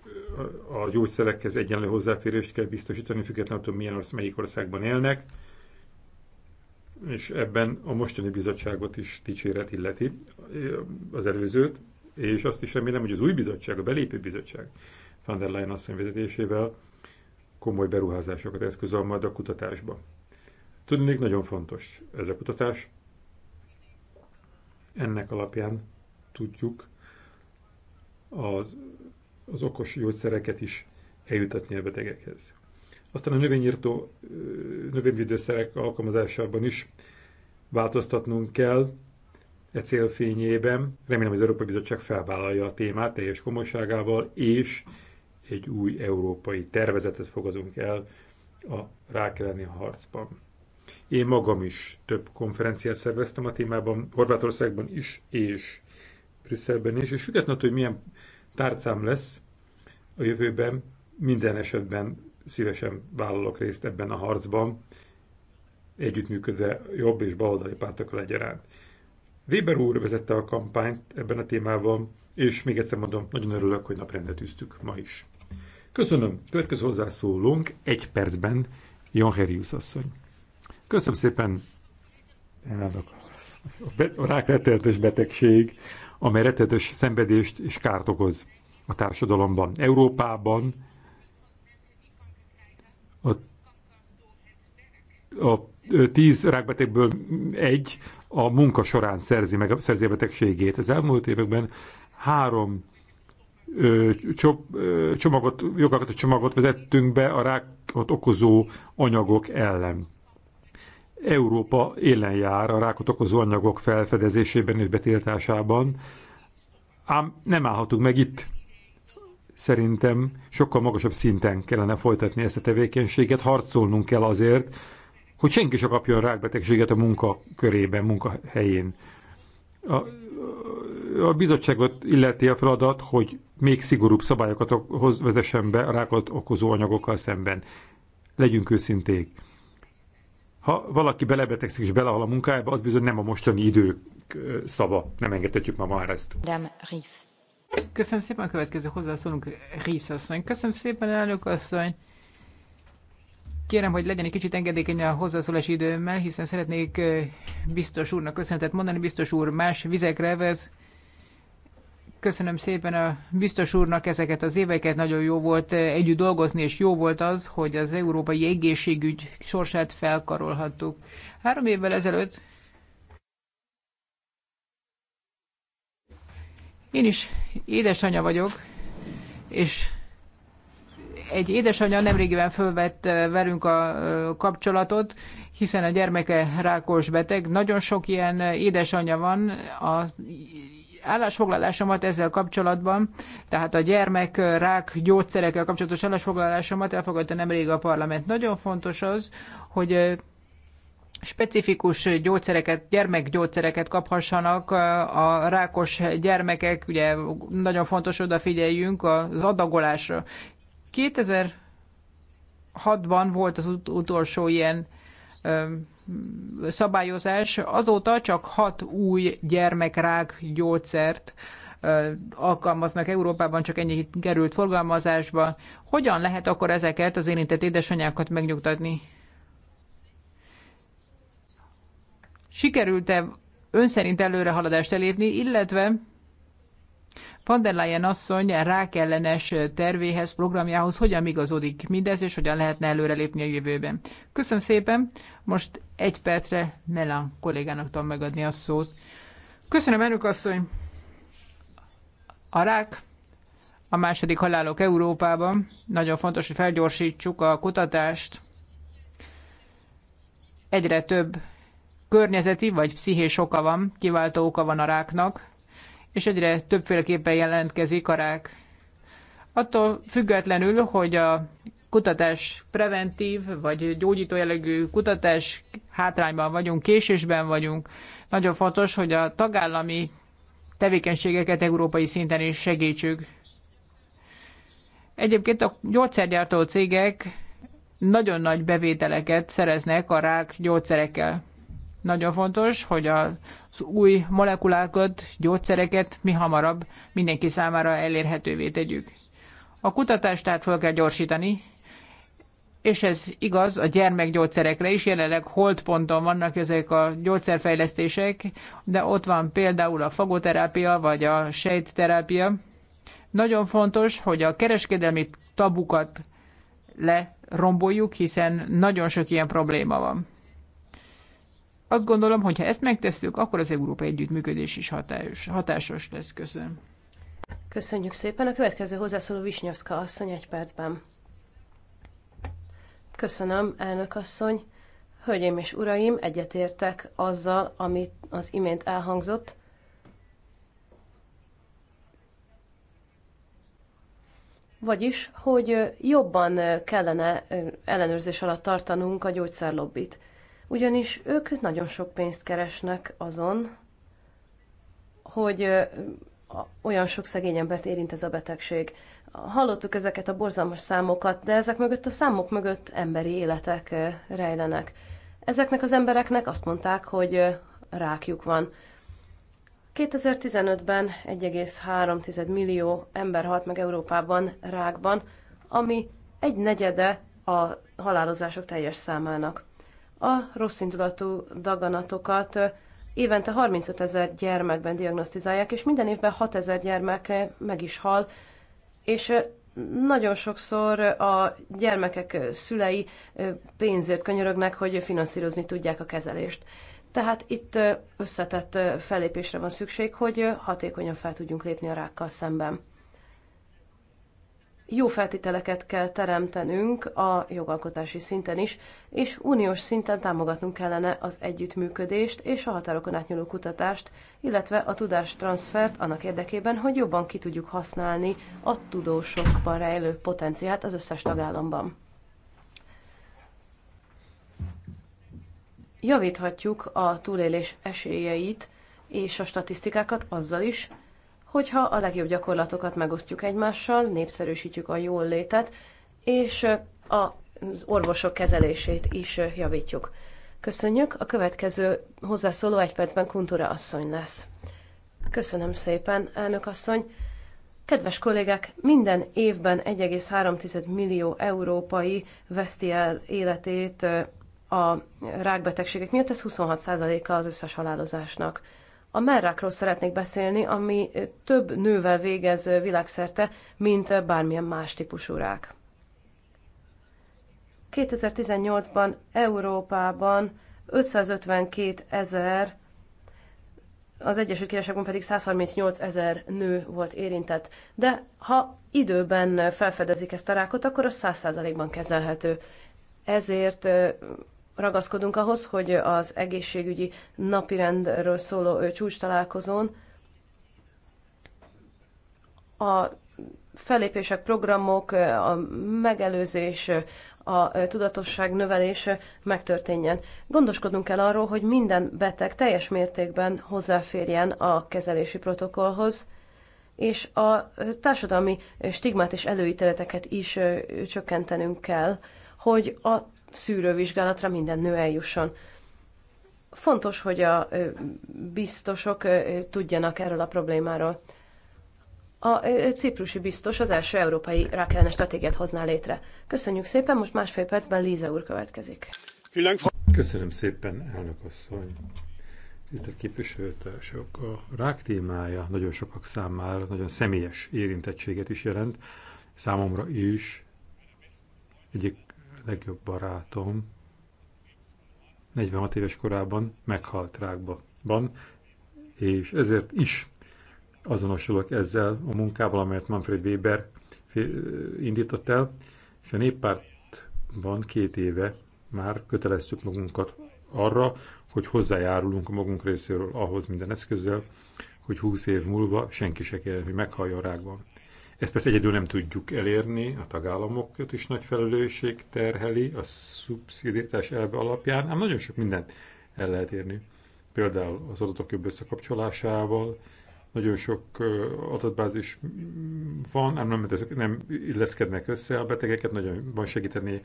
a gyógyszerekhez egyenlő hozzáférést kell biztosítani, függetlenül attól, milyen ország, melyik országban élnek, és ebben a mostani bizottságot is dicséret illeti, az előzőt, és azt is remélem, hogy az új bizottság, a belépő bizottság van der Leyen asszony vezetésével komoly beruházásokat eszközöl majd a kutatásba. Tudnék, nagyon fontos ez a kutatás. Ennek alapján tudjuk az, az okos gyógyszereket is eljutatni a betegekhez. Aztán a növényírtó növényvédőszerek alkalmazásában is változtatnunk kell e célfényében. Remélem, hogy az Európai Bizottság felvállalja a témát teljes komolyságával, és egy új európai tervezetet fogadunk el a rákeleni harcban. Én magam is több konferenciát szerveztem a témában, Horvátországban is, és Brüsszelben is, és függetlenül, hogy milyen tárcám lesz a jövőben, minden esetben szívesen vállalok részt ebben a harcban, együttműködve jobb és baloldali pártokkal egyaránt. Weber úr vezette a kampányt ebben a témában, és még egyszer mondom, nagyon örülök, hogy naprendet tűztük ma is. Köszönöm. Következő hozzászólunk egy percben, Jan Herius asszony. Köszönöm szépen, elnök. A rák betegség, amely rettenetes szenvedést és kárt okoz a társadalomban. Európában a, a tíz rákbetegből egy a munka során szerzi meg szerzi a betegségét. Az elmúlt években három csomagot, a csomagot vezettünk be a rákot okozó anyagok ellen. Európa élen jár a rákot okozó anyagok felfedezésében és betiltásában, ám nem állhatunk meg itt. Szerintem sokkal magasabb szinten kellene folytatni ezt a tevékenységet, harcolnunk kell azért, hogy senki se kapjon rákbetegséget a munka körében, munkahelyén. A, a bizottságot illeti a feladat, hogy még szigorúbb szabályokat vezessen be a rákot okozó anyagokkal szemben. Legyünk őszinték. Ha valaki belebetegszik és belehal a munkájába, az bizony nem a mostani idő szava. Nem engedhetjük ma már ezt. Köszönöm szépen a következő hozzászólunk Rész asszony. Köszönöm szépen, elnök asszony. Kérem, hogy legyen egy kicsit engedékeny a hozzászólási időmmel, hiszen szeretnék biztos úrnak köszönetet mondani. Biztos úr más vizekre vez, Köszönöm szépen a biztos úrnak ezeket az éveket, nagyon jó volt eh, együtt dolgozni, és jó volt az, hogy az európai egészségügy sorsát felkarolhattuk. Három évvel ezelőtt én is édesanyja vagyok, és egy édesanyja nemrégiben fölvett eh, velünk a eh, kapcsolatot, hiszen a gyermeke rákos beteg. Nagyon sok ilyen édesanyja van az állásfoglalásomat ezzel kapcsolatban, tehát a gyermek rák gyógyszerekkel kapcsolatos állásfoglalásomat elfogadta nemrég a parlament. Nagyon fontos az, hogy specifikus gyógyszereket, gyermekgyógyszereket kaphassanak a rákos gyermekek, ugye nagyon fontos odafigyeljünk az adagolásra. 2006-ban volt az utolsó ilyen szabályozás azóta csak hat új gyermekrák gyógyszert alkalmaznak Európában, csak ennyi került forgalmazásba. Hogyan lehet akkor ezeket az érintett édesanyákat megnyugtatni? Sikerült-e ön szerint előrehaladást elérni, illetve van der Leyen asszony rákellenes tervéhez, programjához hogyan igazodik mindez, és hogyan lehetne előrelépni a jövőben. Köszönöm szépen, most egy percre Melan kollégának tudom megadni a szót. Köszönöm, elnök asszony! A rák a második halálok Európában. Nagyon fontos, hogy felgyorsítsuk a kutatást. Egyre több környezeti vagy pszichés oka van, kiváltó oka van a ráknak és egyre többféleképpen jelentkezik a rák. Attól függetlenül, hogy a kutatás preventív vagy gyógyító jellegű kutatás hátrányban vagyunk, késésben vagyunk. Nagyon fontos, hogy a tagállami tevékenységeket európai szinten is segítsük. Egyébként a gyógyszergyártó cégek nagyon nagy bevételeket szereznek a rák gyógyszerekkel. Nagyon fontos, hogy az új molekulákat, gyógyszereket mi hamarabb mindenki számára elérhetővé tegyük. A kutatást tehát fel kell gyorsítani, és ez igaz a gyermekgyógyszerekre is, jelenleg holdponton vannak ezek a gyógyszerfejlesztések, de ott van például a fagoterápia vagy a sejtterápia. Nagyon fontos, hogy a kereskedelmi tabukat leromboljuk, hiszen nagyon sok ilyen probléma van. Azt gondolom, hogy ha ezt megtesszük, akkor az európai együttműködés is hatályos, hatásos lesz. Köszönöm. Köszönjük szépen. A következő hozzászóló Visnyovszka asszony egy percben. Köszönöm, elnök asszony. Hölgyeim és uraim, egyetértek azzal, amit az imént elhangzott. Vagyis, hogy jobban kellene ellenőrzés alatt tartanunk a gyógyszerlobbit ugyanis ők nagyon sok pénzt keresnek azon, hogy olyan sok szegény embert érint ez a betegség. Hallottuk ezeket a borzalmas számokat, de ezek mögött a számok mögött emberi életek rejlenek. Ezeknek az embereknek azt mondták, hogy rákjuk van. 2015-ben 1,3 millió ember halt meg Európában rákban, ami egy negyede a halálozások teljes számának a rosszindulatú daganatokat évente 35 ezer gyermekben diagnosztizálják, és minden évben 6 ezer gyermek meg is hal, és nagyon sokszor a gyermekek szülei pénzért könyörögnek, hogy finanszírozni tudják a kezelést. Tehát itt összetett fellépésre van szükség, hogy hatékonyan fel tudjunk lépni a rákkal szemben jó feltételeket kell teremtenünk a jogalkotási szinten is, és uniós szinten támogatnunk kellene az együttműködést és a határokon átnyúló kutatást, illetve a tudástranszfert annak érdekében, hogy jobban ki tudjuk használni a tudósokban rejlő potenciált az összes tagállamban. Javíthatjuk a túlélés esélyeit és a statisztikákat azzal is, hogyha a legjobb gyakorlatokat megosztjuk egymással, népszerűsítjük a jól létet, és az orvosok kezelését is javítjuk. Köszönjük, a következő hozzászóló egy percben Kuntura asszony lesz. Köszönöm szépen, elnök asszony. Kedves kollégák, minden évben 1,3 millió európai veszti el életét a rákbetegségek miatt, ez 26%-a az összes halálozásnak. A merrákról szeretnék beszélni, ami több nővel végez világszerte, mint bármilyen más típusú rák. 2018-ban Európában 552 ezer, az Egyesült Királyságban pedig 138 ezer nő volt érintett. De ha időben felfedezik ezt a rákot, akkor az 100%-ban kezelhető. Ezért ragaszkodunk ahhoz, hogy az egészségügyi napirendről szóló csúcs találkozón a fellépések, programok, a megelőzés, a tudatosság növelése megtörténjen. Gondoskodnunk kell arról, hogy minden beteg teljes mértékben hozzáférjen a kezelési protokollhoz, és a társadalmi stigmát és előítéleteket is csökkentenünk kell, hogy a szűrővizsgálatra minden nő eljusson. Fontos, hogy a biztosok tudjanak erről a problémáról. A ciprusi biztos az első európai rákellenes stratégiát hozná létre. Köszönjük szépen, most másfél percben Líza úr következik. Köszönöm szépen, elnök asszony. Tisztelt képviselőtársak, a rák témája nagyon sokak számára nagyon személyes érintettséget is jelent, számomra is. Egyik legjobb barátom 46 éves korában meghalt rákban, és ezért is azonosulok ezzel a munkával, amelyet Manfred Weber indított el, és a néppártban két éve már köteleztük magunkat arra, hogy hozzájárulunk a magunk részéről ahhoz minden eszközzel, hogy 20 év múlva senki se kell, hogy meghallja a rákban. Ezt persze egyedül nem tudjuk elérni, a tagállamokat is nagy felelősség terheli a szubszidiaritás elve alapján, ám nagyon sok mindent el lehet érni. Például az adatok jobb összekapcsolásával, nagyon sok adatbázis van, ám nem, nem illeszkednek össze a betegeket, nagyon van segíteni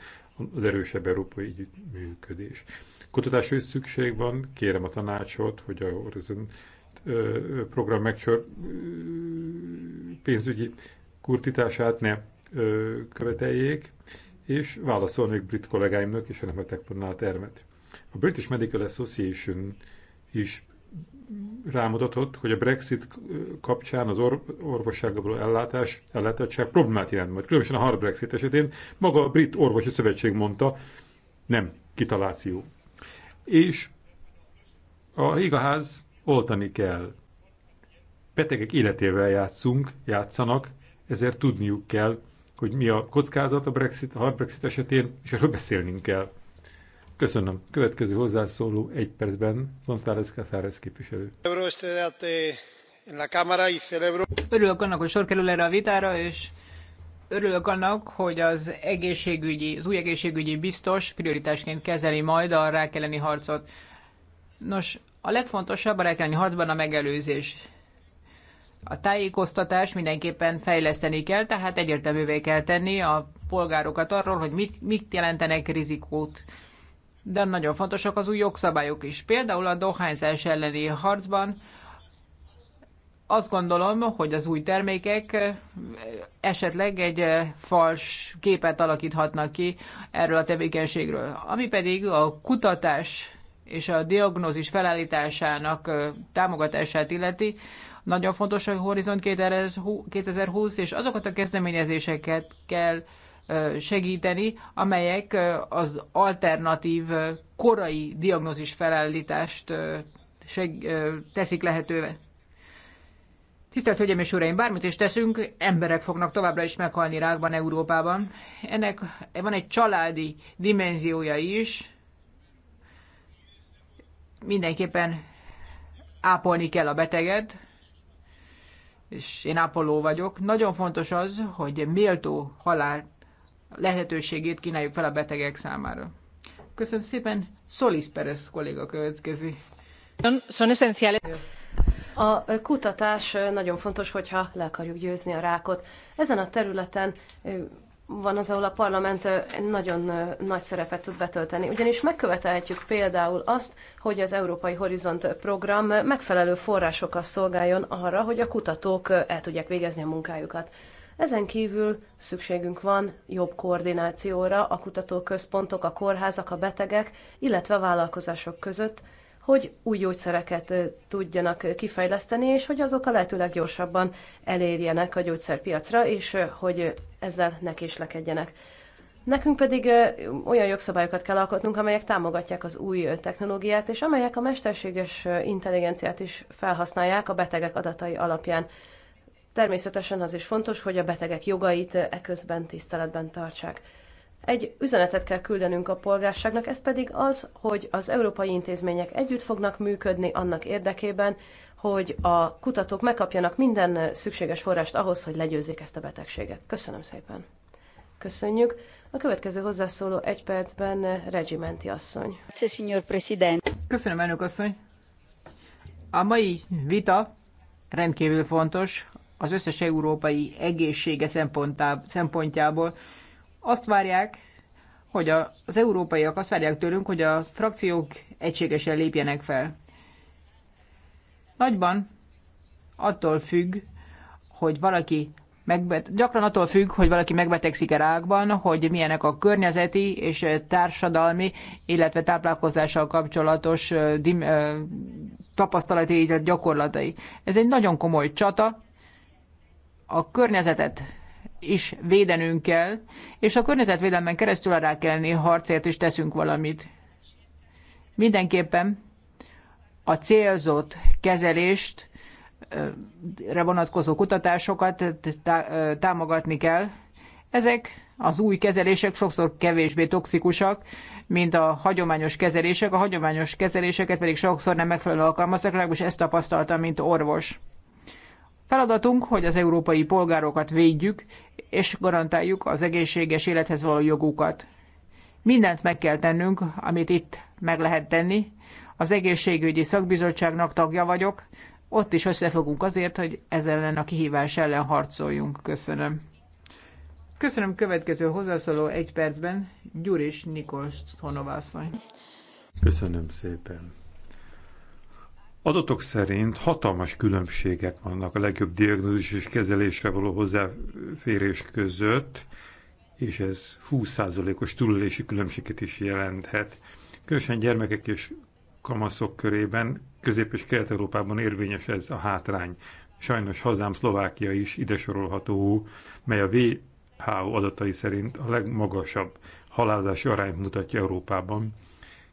az erősebb európai működés. Kutatásra is szükség van, kérem a tanácsot, hogy a Horizon program megcsör pénzügyi kurtítását ne ö, követeljék, és válaszolnék brit kollégáimnak, és nem vettek a termet. A British Medical Association is rámutatott, hogy a Brexit kapcsán az orvossággal való ellátás, ellátottság problémát jelent majd. Különösen a hard Brexit esetén maga a Brit Orvosi Szövetség mondta, nem kitaláció. És a Higaház oltani kell. Betegek életével játszunk, játszanak, ezért tudniuk kell, hogy mi a kockázat a Brexit, a hard Brexit esetén, és erről beszélnünk kell. Köszönöm. Következő hozzászóló egy percben, González Casares képviselő. Örülök annak, hogy sor kerül erre a vitára, és örülök annak, hogy az egészségügyi, az új egészségügyi biztos prioritásként kezeli majd a rákeleni harcot. Nos, a legfontosabb a rákeleni harcban a megelőzés. A tájékoztatás mindenképpen fejleszteni kell, tehát egyértelművé kell tenni a polgárokat arról, hogy mit, mit jelentenek rizikót. De nagyon fontosak az új jogszabályok is. Például a dohányzás elleni harcban azt gondolom, hogy az új termékek esetleg egy fals képet alakíthatnak ki erről a tevékenységről. Ami pedig a kutatás és a diagnózis felállításának támogatását illeti, nagyon fontos a Horizont 2020, és azokat a kezdeményezéseket kell segíteni, amelyek az alternatív korai diagnózis felállítást teszik lehetővé. Tisztelt Hölgyeim és Uraim, bármit is teszünk, emberek fognak továbbra is meghalni rákban Európában. Ennek van egy családi dimenziója is. Mindenképpen ápolni kell a beteget és én ápoló vagyok, nagyon fontos az, hogy méltó halál lehetőségét kínáljuk fel a betegek számára. Köszönöm szépen, Solis Perez kolléga következi. Son esenciales. A kutatás nagyon fontos, hogyha le akarjuk győzni a rákot. Ezen a területen van az, ahol a parlament nagyon nagy szerepet tud betölteni. Ugyanis megkövetelhetjük például azt, hogy az Európai Horizont program megfelelő forrásokat szolgáljon arra, hogy a kutatók el tudják végezni a munkájukat. Ezen kívül szükségünk van jobb koordinációra a kutatóközpontok, a kórházak, a betegek, illetve a vállalkozások között, hogy új gyógyszereket tudjanak kifejleszteni, és hogy azok a lehető leggyorsabban elérjenek a gyógyszerpiacra, és hogy ezzel ne késlekedjenek. Nekünk pedig olyan jogszabályokat kell alkotnunk, amelyek támogatják az új technológiát, és amelyek a mesterséges intelligenciát is felhasználják a betegek adatai alapján. Természetesen az is fontos, hogy a betegek jogait eközben tiszteletben tartsák. Egy üzenetet kell küldenünk a polgárságnak, ez pedig az, hogy az európai intézmények együtt fognak működni annak érdekében, hogy a kutatók megkapjanak minden szükséges forrást ahhoz, hogy legyőzzék ezt a betegséget. Köszönöm szépen. Köszönjük. A következő hozzászóló egy percben Regimenti asszony. Köszönöm, elnök asszony. A mai vita rendkívül fontos az összes európai egészsége szempontjából azt várják, hogy az európaiak azt várják tőlünk, hogy a frakciók egységesen lépjenek fel. Nagyban attól függ, hogy valaki megbet- gyakran attól függ, hogy valaki megbetegszik a rákban, hogy milyenek a környezeti és társadalmi, illetve táplálkozással kapcsolatos dim- tapasztalati, illetve gyakorlatai. Ez egy nagyon komoly csata. A környezetet is védenünk kell, és a környezetvédelmen keresztül a rákelni harcért is teszünk valamit. Mindenképpen a célzott kezelést, re vonatkozó kutatásokat támogatni kell. Ezek az új kezelések sokszor kevésbé toxikusak, mint a hagyományos kezelések. A hagyományos kezeléseket pedig sokszor nem megfelelően alkalmaznak, legalábbis ezt tapasztaltam, mint orvos. Feladatunk, hogy az európai polgárokat védjük, és garantáljuk az egészséges élethez való jogukat. Mindent meg kell tennünk, amit itt meg lehet tenni. Az egészségügyi szakbizottságnak tagja vagyok, ott is összefogunk azért, hogy ez ellen a kihívás ellen harcoljunk. Köszönöm. Köszönöm következő hozzászóló egy percben, Gyuris Nikos Honovászony. Köszönöm szépen. Adatok szerint hatalmas különbségek vannak a legjobb diagnózis és kezelésre való hozzáférés között, és ez 20%-os túlélési különbséget is jelenthet. Különösen gyermekek és kamaszok körében, Közép- és Kelet-Európában érvényes ez a hátrány. Sajnos hazám Szlovákia is ide sorolható, mely a WHO adatai szerint a legmagasabb halálozási arányt mutatja Európában.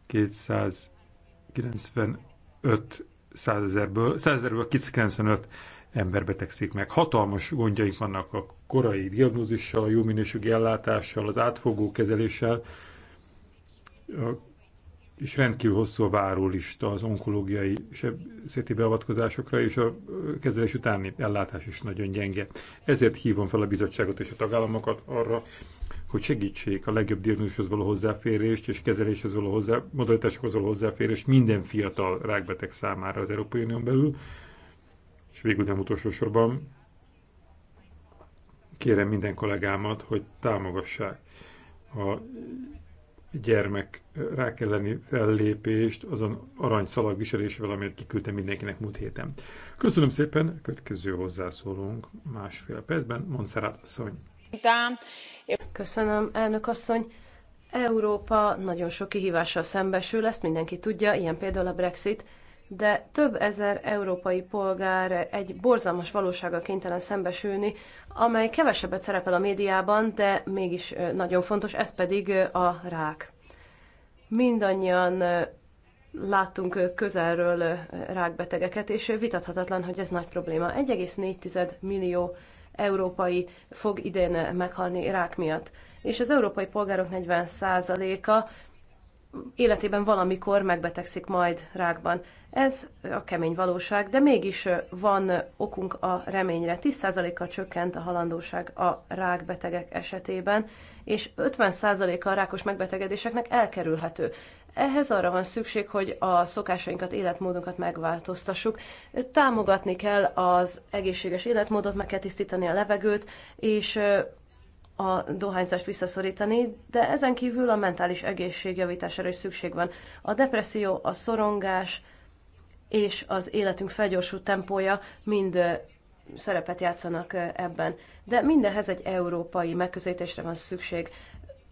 295 százezerből, százezerből 95 ember betegszik meg. Hatalmas gondjaink vannak a korai diagnózissal, a jó minőségű ellátással, az átfogó kezeléssel, és rendkívül hosszú a várólista az onkológiai szeti beavatkozásokra, és a kezelés utáni ellátás is nagyon gyenge. Ezért hívom fel a bizottságot és a tagállamokat arra, hogy segítsék a legjobb diagnózishoz való hozzáférést és kezeléshez való hozzá, modalitásokhoz való hozzáférést minden fiatal rákbeteg számára az Európai Unión belül. És végül nem utolsó sorban kérem minden kollégámat, hogy támogassák a gyermek rák elleni fellépést azon arany szalag viselésével, amelyet kiküldtem mindenkinek múlt héten. Köszönöm szépen, következő hozzászólunk másfél percben, Monserrat Szony. Köszönöm, elnök asszony. Európa nagyon sok kihívással szembesül, ezt mindenki tudja, ilyen például a Brexit, de több ezer európai polgár egy borzalmas valósággal kénytelen szembesülni, amely kevesebbet szerepel a médiában, de mégis nagyon fontos, ez pedig a rák. Mindannyian láttunk közelről rákbetegeket, és vitathatatlan, hogy ez nagy probléma. 1,4 millió európai fog idén meghalni rák miatt. És az európai polgárok 40%-a életében valamikor megbetegszik majd rákban. Ez a kemény valóság, de mégis van okunk a reményre. 10%-kal csökkent a halandóság a rákbetegek esetében, és 50%-a a rákos megbetegedéseknek elkerülhető. Ehhez arra van szükség, hogy a szokásainkat, életmódunkat megváltoztassuk. Támogatni kell az egészséges életmódot, meg kell tisztítani a levegőt, és a dohányzást visszaszorítani, de ezen kívül a mentális egészség javítására is szükség van. A depresszió, a szorongás és az életünk felgyorsult tempója mind szerepet játszanak ebben. De mindenhez egy európai megközelítésre van szükség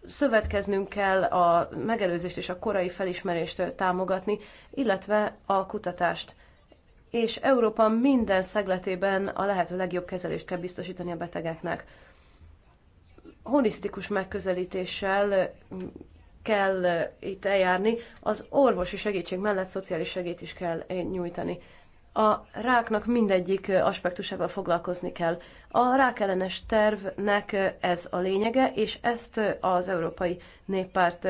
szövetkeznünk kell a megelőzést és a korai felismerést támogatni, illetve a kutatást. És Európa minden szegletében a lehető legjobb kezelést kell biztosítani a betegeknek. Holisztikus megközelítéssel kell itt eljárni, az orvosi segítség mellett szociális segít is kell nyújtani a ráknak mindegyik aspektusával foglalkozni kell. A rákellenes tervnek ez a lényege, és ezt az Európai Néppárt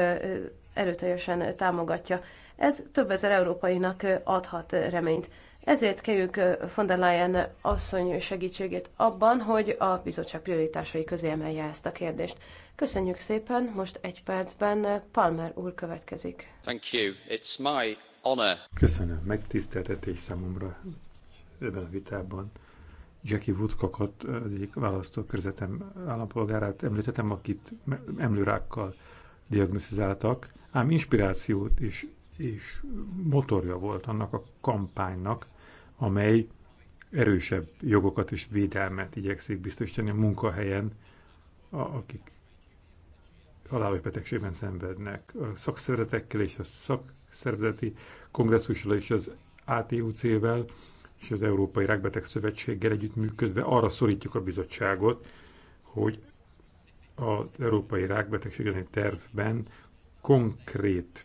erőteljesen támogatja. Ez több ezer európainak adhat reményt. Ezért kérjük von der Leyen asszony segítségét abban, hogy a bizottság prioritásai közé emelje ezt a kérdést. Köszönjük szépen, most egy percben Palmer úr következik. Thank you. It's my honor. Köszönöm, megtiszteltetés számomra ebben a vitában. Jackie Woodcockot, az egyik választókörzetem állampolgárát említettem, akit emlőrákkal diagnosztizáltak, ám inspirációt és, és motorja volt annak a kampánynak, amely erősebb jogokat és védelmet igyekszik biztosítani a munkahelyen, a, akik halálos betegségben szenvednek. A szakszeretekkel és a szak szervezeti kongresszussal és az ATUC-vel és az Európai Rákbeteg Szövetséggel együttműködve arra szorítjuk a bizottságot, hogy az Európai Rákbetegségeni Tervben konkrét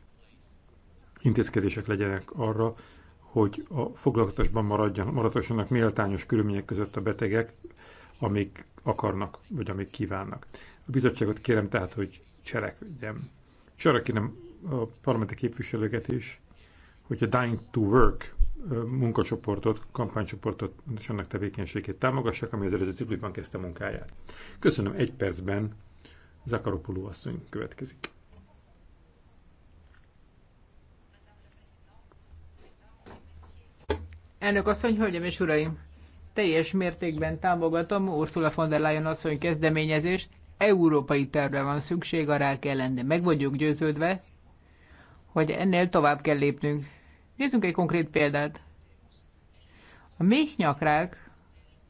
intézkedések legyenek arra, hogy a foglalkoztatásban maradjanak, maradhassanak méltányos körülmények között a betegek, amik akarnak, vagy amik kívánnak. A bizottságot kérem tehát, hogy cselekedjem. És arra kérem a parlamenti képviselőket is, hogy a Dying to Work munkacsoportot, kampánycsoportot, és annak tevékenységét támogassák, ami az előző ciklusban kezdte munkáját. Köszönöm, egy percben Zakaropuló asszony következik. Elnök asszony, hölgyem és uraim! Teljes mértékben támogatom Ursula von der Leyen asszony kezdeményezést. Európai tervre van szükség, ará kell lenni. Meg vagyok győződve, hogy ennél tovább kell lépnünk. Nézzünk egy konkrét példát. A méhnyakrák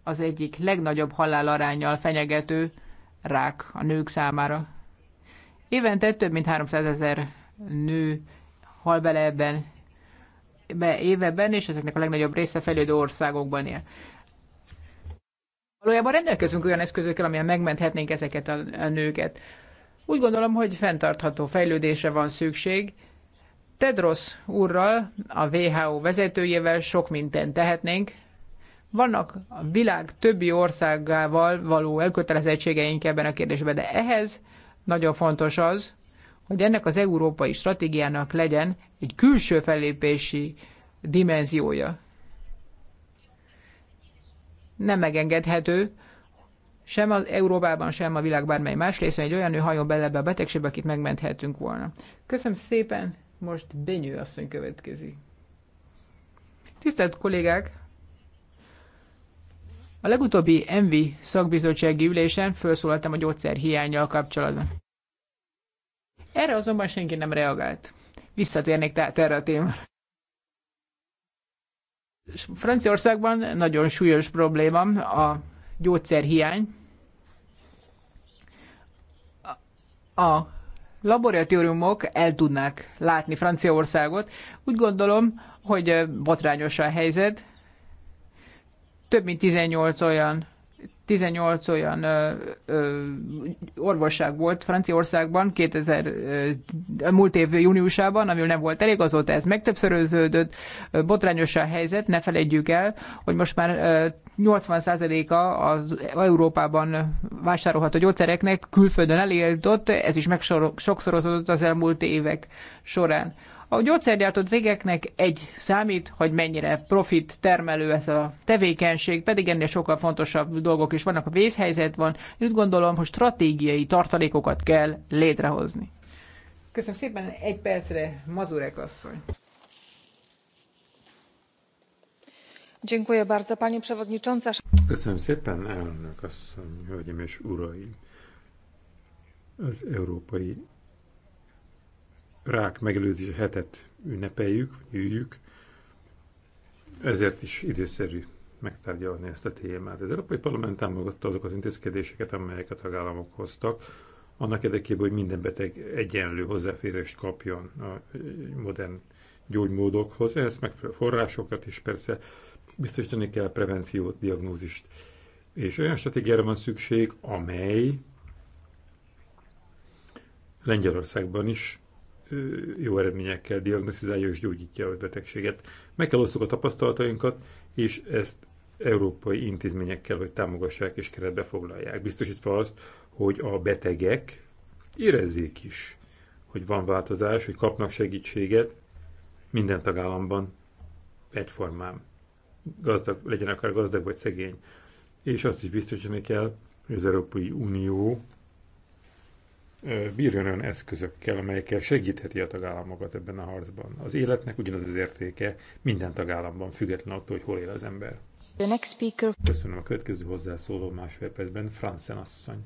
az egyik legnagyobb halálarányjal fenyegető rák a nők számára. Évente több mint 300 ezer nő hal bele ebben be éveben, és ezeknek a legnagyobb része fejlődő országokban él. Valójában rendelkezünk olyan eszközökkel, amilyen megmenthetnénk ezeket a, a nőket. Úgy gondolom, hogy fenntartható fejlődésre van szükség, Tedros úrral, a WHO vezetőjével sok mindent tehetnénk. Vannak a világ többi országával való elkötelezettségeink ebben a kérdésben, de ehhez nagyon fontos az, hogy ennek az európai stratégiának legyen egy külső fellépési dimenziója. Nem megengedhető, sem az Európában, sem a világ bármely más részén egy olyan nő hajó bele ebbe a betegségbe, akit megmenthetünk volna. Köszönöm szépen! Most Benyő asszony következik. Tisztelt kollégák! A legutóbbi ENVI szakbizottsági ülésen felszólaltam a gyógyszer hiányjal kapcsolatban. Erre azonban senki nem reagált. Visszatérnék tehát erre a témára. Franciaországban nagyon súlyos probléma a gyógyszerhiány. A laboratóriumok el tudnák látni Franciaországot. Úgy gondolom, hogy botrányos a helyzet. Több mint 18 olyan 18 olyan ö, ö, orvosság volt Franciaországban 2000, ö, múlt év júniusában, amivel nem volt elég, azóta ez megtöbbszöröződött, botrányos a helyzet, ne felejtjük el, hogy most már ö, 80%-a az Európában vásárolható gyógyszereknek külföldön elérdott, ez is sokszorozódott az elmúlt évek során. A gyógyszergyártó cégeknek egy számít, hogy mennyire profit termelő ez a tevékenység, pedig ennél sokkal fontosabb dolgok is vannak. A vészhelyzet van, úgy gondolom, hogy stratégiai tartalékokat kell létrehozni. Köszönöm szépen, egy percre Mazurek asszony. Köszönöm szépen, elnök asszony, hölgyeim és uraim! Az európai rák megelőző hetet ünnepeljük, üljük, ezért is időszerű megtárgyalni ezt a témát. Az Európai Parlament támogatta azokat az intézkedéseket, amelyeket a tagállamok hoztak, annak érdekében, hogy minden beteg egyenlő hozzáférést kapjon a modern gyógymódokhoz. Ehhez meg forrásokat is persze biztosítani kell prevenciót, diagnózist. És olyan stratégiára van szükség, amely Lengyelországban is jó eredményekkel diagnosztizálja és gyógyítja a betegséget. Meg kell osszuk a tapasztalatainkat, és ezt európai intézményekkel, hogy támogassák és keretbe foglalják, biztosítva azt, hogy a betegek érezzék is, hogy van változás, hogy kapnak segítséget minden tagállamban egyformán. Gazdag, legyen akár gazdag vagy szegény. És azt is biztosítani kell, hogy az Európai Unió bírjon olyan eszközökkel, amelyekkel segítheti a tagállamokat ebben a harcban. Az életnek ugyanaz az értéke minden tagállamban, független attól, hogy hol él az ember. The next speaker. Köszönöm a következő hozzászóló másfél percben, Franzen asszony.